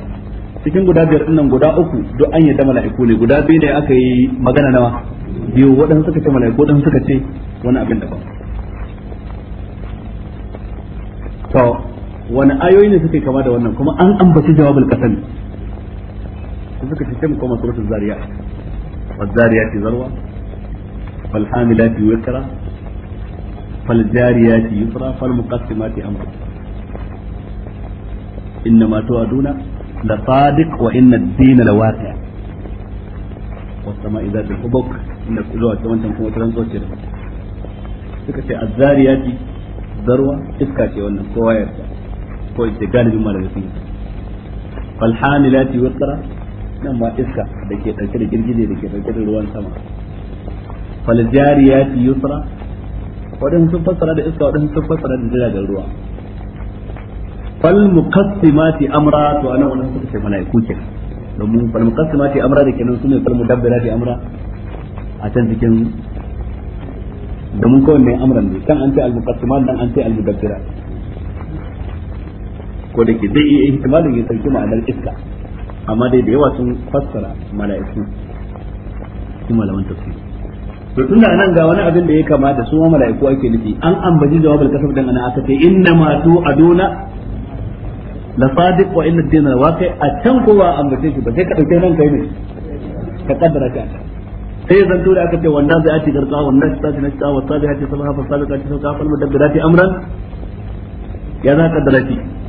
cikin guda biyar din nan guda uku duk an yadda mala'iku ne guda biyu ne aka yi magana nawa biyu waɗansu suka ce mala'iku waɗansu suka ce wani abin daban to wani ayoyi ne suke kama da wannan kuma an ambaci jawabul qasami suka ce mu koma suratul zariyat والذاريات ذروة فالحاملات وكرا فالجاريات يسرا فالمقسمات أمرا إنما توعدون لصادق وإن الدين لواقع والسماء ذات الحبك إن كل وقت وأنتم كما تنظر suka ce azzariyati zarwa iska ce wannan kowa yarda ko ita galibin malamai sun yi falhamilati wasara nan ma iska da ke ɗauke da girgije da ke ɗauke da ruwan sama faljariyati yusra waɗansu sun fassara da iska waɗansu sun fassara da jira da ruwa fal muqassimati amra to anan wannan suka ce mana malaiku ke domin fal muqassimati amra da kenan sune fal mudabbirati amra a can cikin domin kawai mai amran ne kan an ce al muqassimat dan an ce al ko da ke zai iya ihtimalin ya sauki ma'anar iska amma dai da yawa sun fassara mala'iku kuma malaman tafsiri to tunda anan ga wani abin da ya kama da su mala'iku ake nufi an ambaci jawabul kasab dan ana aka ce inna ma tu aduna la sadiq wa inna ad-dina waqi a can kowa ambace shi ba sai ka dauke nan kai ne ka kaddara ka sai zan tura aka ce wanda zai ati garza wannan ta ta nasta wa sabihati sabaha fa sabaha fa kafal mudabbirati amran ya za ka dalati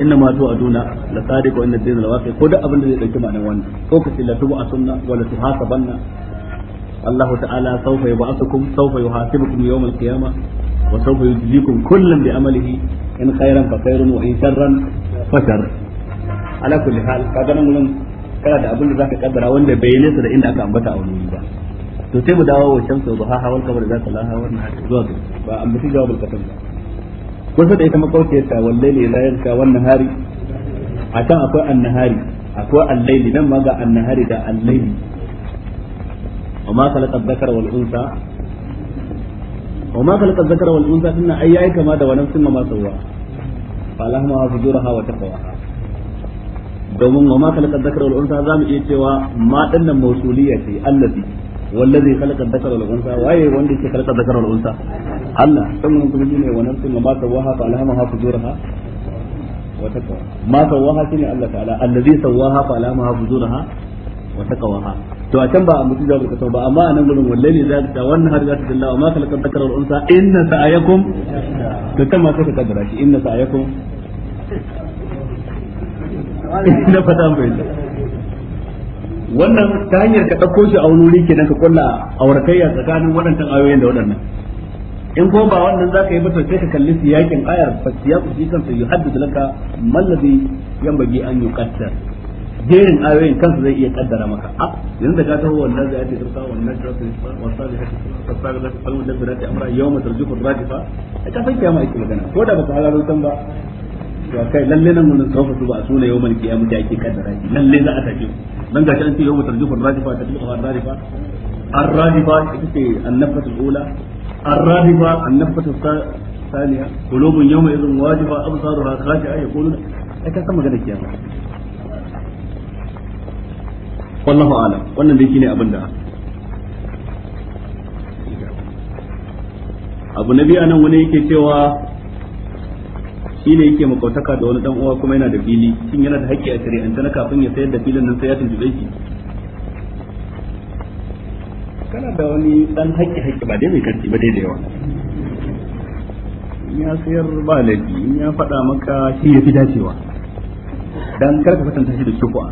inna ma aduna la sadiqu inna ad-din waqi ko da abin da zai dauki ma'anar wannan ko kace la tubu asunna wa la tuhasabanna Allah ta'ala sawfa yub'athukum sawfa yuhasibukum yawm al-qiyamah wa sawfa yujzikum kullan bi amalihi in khairan fa khairun wa in sharran fa shar ala kulli hal kaga nan mun kana da abin da zaka kaddara wanda bai nesa da inda aka ambata a wani ba to sai mu dawo wa shamsu ha hawal kamar da zaka laha wannan zuwa ba ambaci jawabul katam ba kusa da ita makauciyarta wallahi la yanka wannan hari a can akwai annahari akwai allaili nan ma ga annahari da allaili amma khalaqa dhakara wal unsa وما خلق الذكر والانثى ان اي كما ده ونفس ما سواها فالهمها فجورها وتقواها domin wa ma khalaqa dhakara wal unsa zamu iya cewa ma dinnan mausuliya ce allazi wa nafsin ma sawaha fa alhamaha to a can ba a mutu da ba amma a nan za wannan har za ta dalla unsa inna sa'ayakum to kan ma sai ka kaddara shi inna sa'ayakum fata mai wannan ta hanyar ka ɗauko shi a wani wuri kenan ka kulla auratayya tsakanin waɗancan ayoyin da waɗannan in ko ba wannan ka yi mutum sai ka kalli siyakin ayar jikan su yi haddu da laka mallabi yan bagi an yuqaddar jerin ayoyin kansa zai iya kaddara maka a yanzu da ka taho wannan zai yi turka wannan tsarka wa da wa salihati falmu da birati amra yawma tarjufu radifa ka san kiyama ake magana ko da ba ta tan ba to kai lalle nan mun tsofa su ba su ne yawmal qiyamah da ake kaddara shi lalle za a tafi dan gashi an ce yawmal tarjifu radifa tarjifu radifa ar-radifa ita ce an ula ar-radifa abu na biya nan wani yake cewa shi ne yake makautaka da wani dan uwa kuma yana da fili shin yana da haƙƙi a shari'ance na kafin ya sayar da filin nan sai ya tuntube shi kana da wani dan haƙƙi haƙƙi ba dai mai karfi ba dai da yawa ya sayar ba laifi ya faɗa maka shi ya fi dacewa dan karka kwatanta shi da shufu'a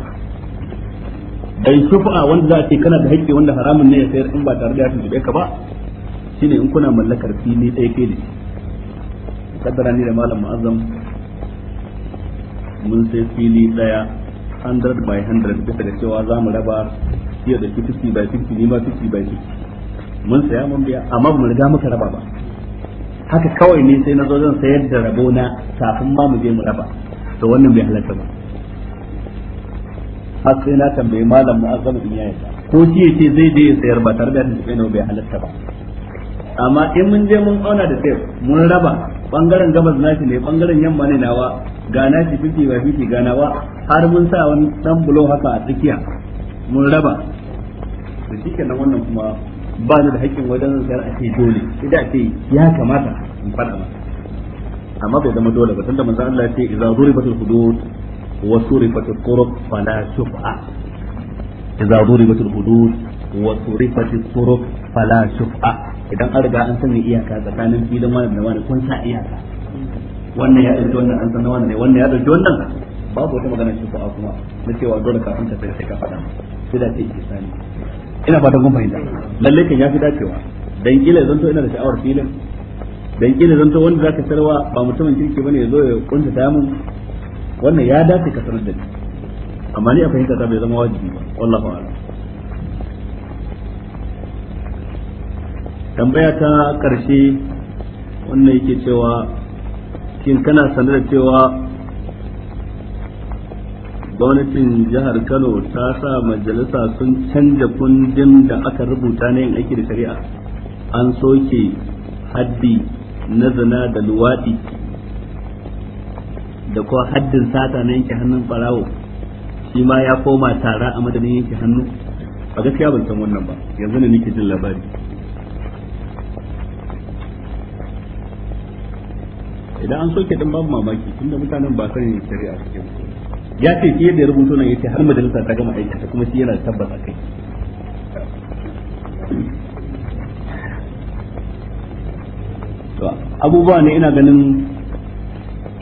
dan shufu'a wanda za a ce kana da haƙƙi wanda haramun ne ya sayar in ba tare da ya tuntube ka ba shine in kuna mallakar fili ɗaya kai ne kaddara ni da malam mu'azzam mun sai fili daya 100 by 100 bisa da cewa za mu raba iya da 50 by 50 ni ma 50 by 50 mun saya mun biya amma ba mu riga muka raba ba haka kawai ne sai na zo zan sayar da rabona kafin ma mu je mu raba to wannan bai halatta ba har sai na tambayi malam mu'azzam in yayi ko shi yace zai je ya sayar ba tare da ni bai halatta ba amma in mun je mun auna da tef mun raba bangaren gabas nashi ne bangaren yamma ne nawa ga nashi fiti ba fiti ga nawa har mun sa wani dan bulo haka a tsakiya mun raba da shi kenan wannan kuma ba ni da haƙƙin wajen sayar a ce dole idan ake ce ya kamata in faɗa ma. amma bai zama dole ba tunda manzo Allah ya ce idza duribatul hudud wa surifatul qurub fala shuf'a idza duribatul hudud wa surifatul qurub fala shuf'a idan an riga an sanya iyaka tsakanin filin wani da wani kun sa iyaka wannan ya ɗauki wannan an san wannan ne wannan ya ɗauki wannan babu wata magana shi ko kuma na cewa dole kafin ta sai ka faɗa sai da take sani ina fatan kun fahimta lalle kan fi dacewa dan kila zan to ina da sha'awar filin dan kila zan to wanda zaka tarwa ba mutumin kirki bane ya zo ya kunta ta mun wannan ya dace ka sanar da ni amma ni a fahimta ta bai zama wajibi ba wallahi a'lam tambaya ta karshe wannan yake cewa shin kana sanar da cewa gwamnatin jihar kano ta sa majalisa sun canza kundin da aka rubuta na yin aiki da shari'a an soke haddi na zina da luwaɗi da kuwa haddin sata na yanke hannun farawo shi ma ya koma tara a madadin yanke hannu a gaskiya ban san wannan ba yanzu ne nake jin labari idan an soke dan babu mamaki tunda mutanen ba sanin shari'a suke ya ce shi yadda ya rubuto nan yace har majalisa ta gama aikata kuma shi yana da kai to kai abubuwa ne ina ganin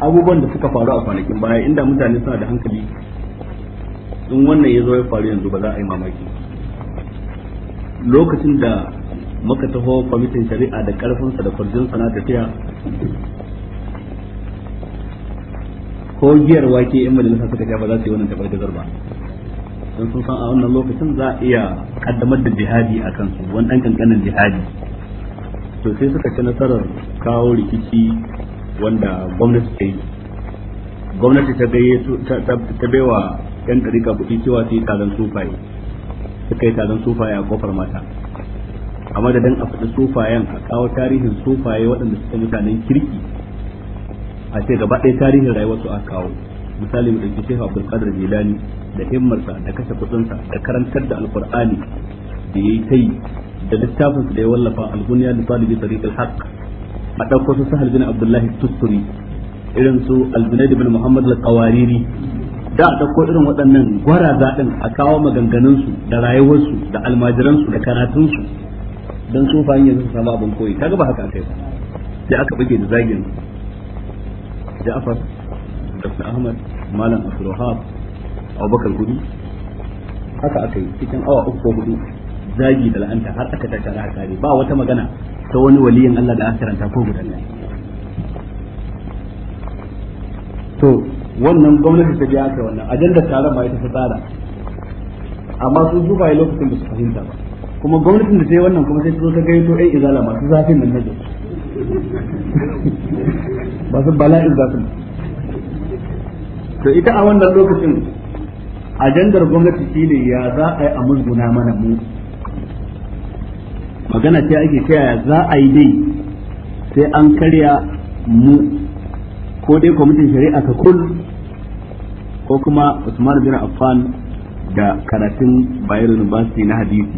abubuwan da suka faru a kwanakin baya inda mutane suna da hankali in wannan ya zo ya faru yanzu ba za a yi mamaki lokacin da muka taho kwamitin shari'a da karfinsa da kwarjinsa na tafiya ko giyar wake in majalisa suka ga ba za su yi wannan tabbatar ba don sun san a wannan lokacin za a iya kaddamar da jihadi a kansu wani ɗan kankanin jihadi to sai suka ci nasarar kawo rikici wanda gwamnati ta yi gwamnati ta gaye ta baiwa yan ɗarika kuɗi cewa su yi tazan sufaye suka yi tazan sufaye a kofar mata a madadin a faɗi sufayen a kawo tarihin sufaye waɗanda suka mutanen kirki a ce gaba ɗaya tarihin rayuwar su aka kawo misali mu ɗauki Sheikh Abdul Qadir Jilani da himmarsa da kashe kuɗinsa da karantar da alkur'ani da yayi kai da littafin da ya wallafa al-Bunya li talibi tariq al a ɗauko su Sahal bin Abdullah Tusturi irin su al-Junayd bin Muhammad al-Qawariri da a ɗauko irin waɗannan gwaraza zaɗin a kawo maganganun da rayuwarsu da almajiransu da karatunsu don dan su yanzu su samu abin koyi kaga ba haka akai ba sai aka bige da zagin Ja'far Dr. Ahmad Malam Abdulwahab Abubakar Gudu haka aka yi cikin awa uku ko hudu zagi da la'anta har aka tashi har kare ba wata magana ta wani waliyin Allah da aka karanta ko gudan nan to wannan gwamnati ta biya aka wannan ajandar taron ba ita ta tsara amma su zuba ya lokacin da su fahimta ba kuma gwamnatin da ta yi wannan kuma sai ta zo ta gaito ai izala masu zafin nan na ba su bala'in za su to ita a wannan lokacin ajandar gwamnati shine ya za a yi a musguna mana mu magana ce ake ta yaya za a yi dai sai an karya mu ko dai kwamitin shari'a ta kul ko kuma Usman bin Affan da karatun Bayero University na hadisi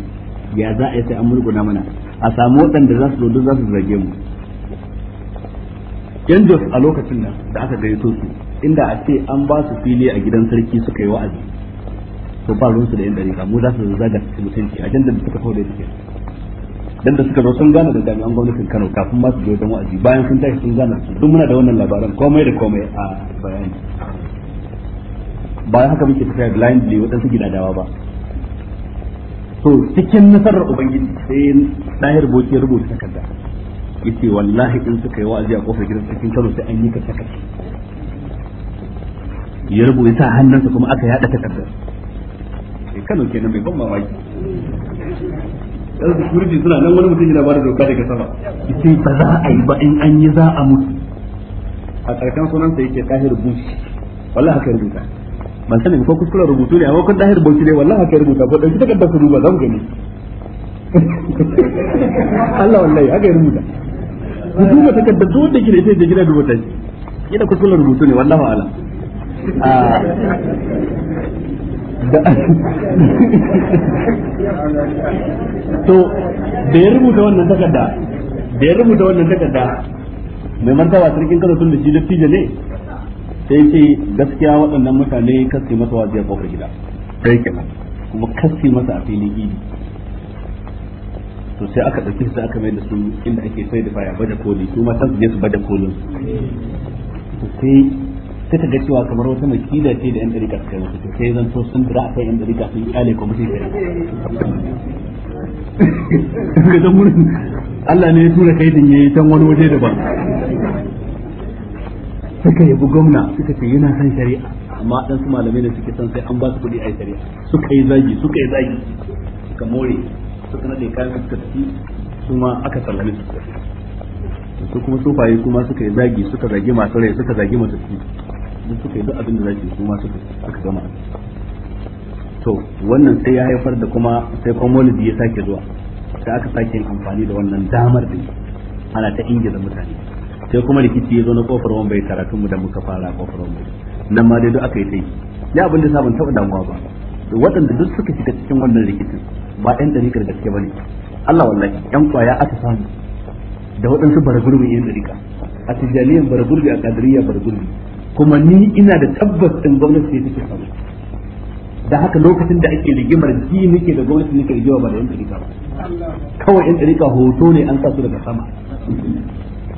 ya za a yi sai an murguna mana a samu waɗanda za su zo za su zage mu yan jos a lokacin nan da aka gari su inda a ce an ba su fili a gidan sarki suka yi wa'azi to ba ruwan su da yan dariƙa mu za su zaga su mutunci ajandar da suka kawo da suke dan da suka zo sun gane da jami'an gwamnatin Kano kafin ma su je don wa'azi bayan sun tashi sun gane su duk muna da wannan labaran komai da komai a bayani bayan haka muke tafiya blindly waɗansu gidadawa ba to cikin nasarar ubangiji sai ɗahir boki rubuta takarda yace wallahi in suka yi wa'azi a kofar gidan cikin Kano sai an yi ka saka ya rubu ya sa hannunsa kuma aka yada takardar sai eh, Kano kenan bai ban mamaki yanzu security suna nan wani mutum yana ba da doka daga sama yace ba za a yi ba in an yi za a mutu a karkan sunansa yake tahir bush wallahi haka rubuta ban sanin ko kuskuren rubutu ne amma kun tahir bush ne wallahi haka rubuta ko dauki takardar su duba za mu gani Allah wallahi haka rubuta ku duba takardar duk wanda kire sai da gida duba tashi kina kusurin rubutu ne wallahi ala ah. to da ya rubuta wannan takarda da ya rubuta wannan takarda mai martaba sarkin kano tun da shi dattijo ne sai ce gaskiya waɗannan mutane kasi masa wajiya kofar gida sai kenan kuma kasi masa a filin idi to sai aka ɗauki su aka mai da su inda ake sai da baya bada koli su ma san su je su bada kolin to sai sai ta ga cewa kamar wata mai kida ce da yan dariƙa kai mutu to sai zan to sun dira a kai yan dariƙa sun kyale ko mutum sai ga murin Allah ne ya tura kai din yayi tan wani waje daban suka yabi gwamna suka ce yana san shari'a amma dan su malamai ne suke son sai an ba su kuɗi a shari'a suka yi zagi suka yi zagi suka more suka nade kayan suka tafi su ma aka sallame su su kuma sufaye su ma suka yi zagi suka zagi masu rai suka zagi masu tafi duk suka yi duk abin da za su ma suka aka gama to wannan sai ya haifar da kuma sai kwamolidi ya sake zuwa sai aka sake amfani da wannan damar da ana ta ingiza mutane sai kuma rikici ya zo na kofar wambai karatun mu da muka fara kofar wambai nan ma dai duk aka yi ta yi ya abin da sabon taɓa damuwa ba waɗanda duk suka shiga cikin wannan rikicin ba ɗan ɗarikar gaske ba ne Allah wallahi ɗan kwaya aka samu da waɗansu baragurbi yin ɗarika a tijjaniyar baragurbi a kadiriyar baragurbi kuma ni ina da tabbas ɗin gwamnati ce take samu da haka lokacin da ake rigimar ji nake da gwamnati nake rigima ba da yan ɗarika ba kawai yan ɗarika hoto ne an sa su daga sama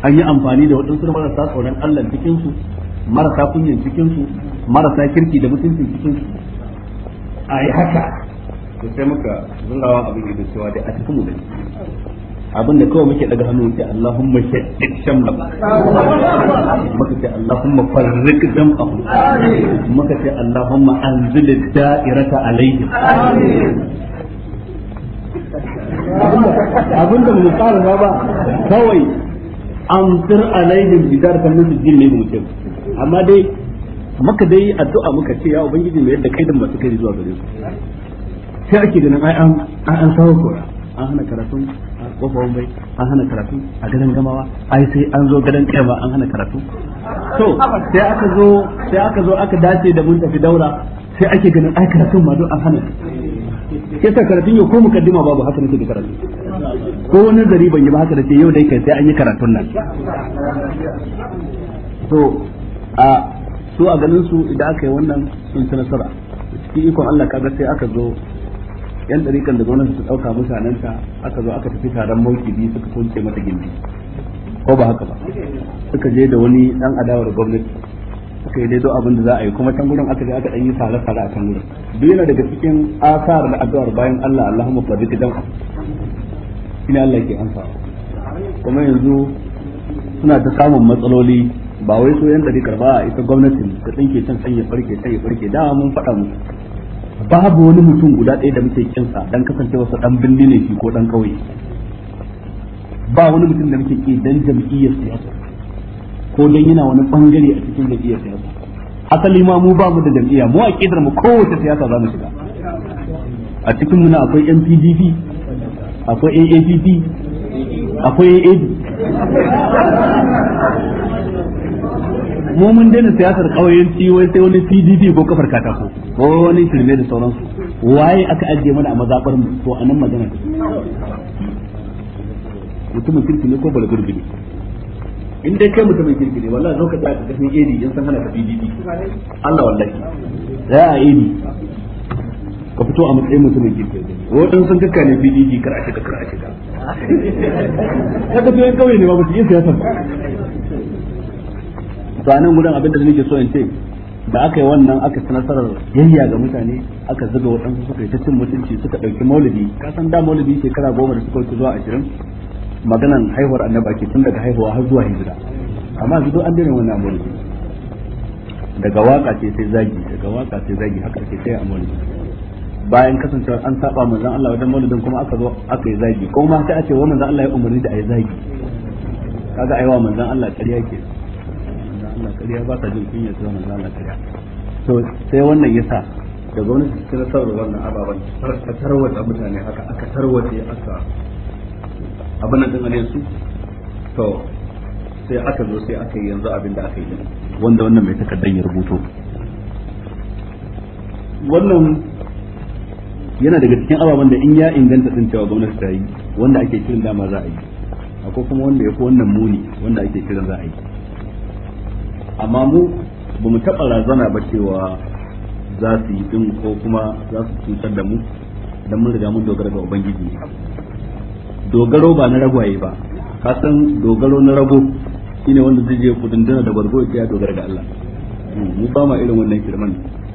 an yi amfani da waɗansu na marasa tsoron Allah cikinsu marasa kunyan cikinsu marasa kirki da mutuncin cikinsu a yi haka to sai muka zungawa abin da cewa dai a cikin mu dai abin kawai muke daga hannu ce Allahumma shaddid shamla muka ce Allahumma farriq dam'ahum muka ce Allahumma anzil da'irata alaihim abin da mu fara ba ba kawai amtir alaihim bidar kan musu jin ne mu ce amma dai maka dai addu'a muka ce ya ubangiji mai yadda kaidan masu kai zuwa gare su sai ake ganin ai an an kawo kora an hana karatu a kofar bai an hana karatu a gadan gamawa ai sai an zo gadan kaiwa an hana karatu to sai aka zo sai aka zo aka dace da mun tafi daura sai ake ganin ai karatun ma don an hana sai ta karatun yau ko mukaddima babu haka nake da karatu ko wani zari ban yi ba haka da ce yau dai kai sai an yi karatun nan to a su a ganin su idan aka yi wannan sun ci nasara cikin ikon Allah kaga sai aka zo yan ɗarikan da gwamnati su ɗauka mutanenta aka zo aka tafi taron biyu suka kunce mata gindi ko ba haka ba suka je da wani ɗan adawar gwamnati suka yi daidai abin da za a yi kuma can gurin aka je aka ɗan yi tare fara a can gurin na daga cikin asar na addu'ar bayan Allah Allahumma fadika dan ina Allah ke amsa kuma yanzu suna ta samun matsaloli ba wai so yan ɗarikar ba ita gwamnatin ka tsinke can sanya farke sanya farke da mun faɗa musu babu wani mutum guda ɗaya da muke kinsa dan wasa dan bindi ne shi ko dan kauye ba wani mutum da muke ki dan jam'iyyar siyasa ko dan yana wani bangare a cikin jam'iyyar siyasa asali ma mu ba mu da jam'iyya mu a kidar mu kowace siyasa za mu shiga a cikin mu na akwai NPDP akwai AAPP akwai AAD mu mun daina siyasar kauyenci wai sai wani PDP ko kafar katako ko wani shirme da sauransu waye aka ajiye mana a mazabar mu to anan magana mutumin kirki ne ko balagurbi ne in dai kai mutumin kirki ne wallahi zaka da tsaya ka san edi yan san hana ka PDP Allah wallahi za a edi ka fito a matsayin mutumin kirki wadan san kakka ne PDP kar a shiga kar a shiga kaga to yan kauye ne ba mutum yin siyasar to anan gudan abin da nake so in ce da aka yi wannan aka ci nasarar yayya ga mutane aka zuga waɗansu suka yi ta cin mutunci suka ɗauki maulidi ka san da maulidi shekara goma da suka wuce zuwa ashirin maganan haihuwar annaba ke tun daga haihuwa har zuwa hijira amma su zo an daina wannan maulidi daga waka ce sai zagi daga waka sai zagi haka ke sai a maulidi bayan kasancewar an saba manzon Allah wajen maulidin kuma aka zo aka yi zagi kuma sai a ce wa manzon Allah ya umarni da a yi zagi kaga aiwa manzon Allah ƙarya ke Allah kariya ba sa jin kunya su manzo Allah kariya to sai wannan yasa da gwamnati ta saboda wannan ababen ta tarwata mutane haka aka tarwace aka abin nan dangane su to sai aka zo sai aka yi yanzu abin da aka yi wanda wannan mai takardar ya rubuto wannan yana daga cikin ababen da in ya inganta din cewa gwamnati ta yi wanda ake kiran dama za a yi akwai kuma wanda ya fi wannan muni wanda ake kiran za a yi amma mu ba mu taɓa razana ba cewa za su yi ɗin ko kuma za su cutar da mu don mun riga mun dogara ga ubangiji dogaro ba na ragwaye ba ka dogaro na rago shine wanda zai je kudin dana da bargo ya dogara ga Allah mu ba ma irin wannan kirman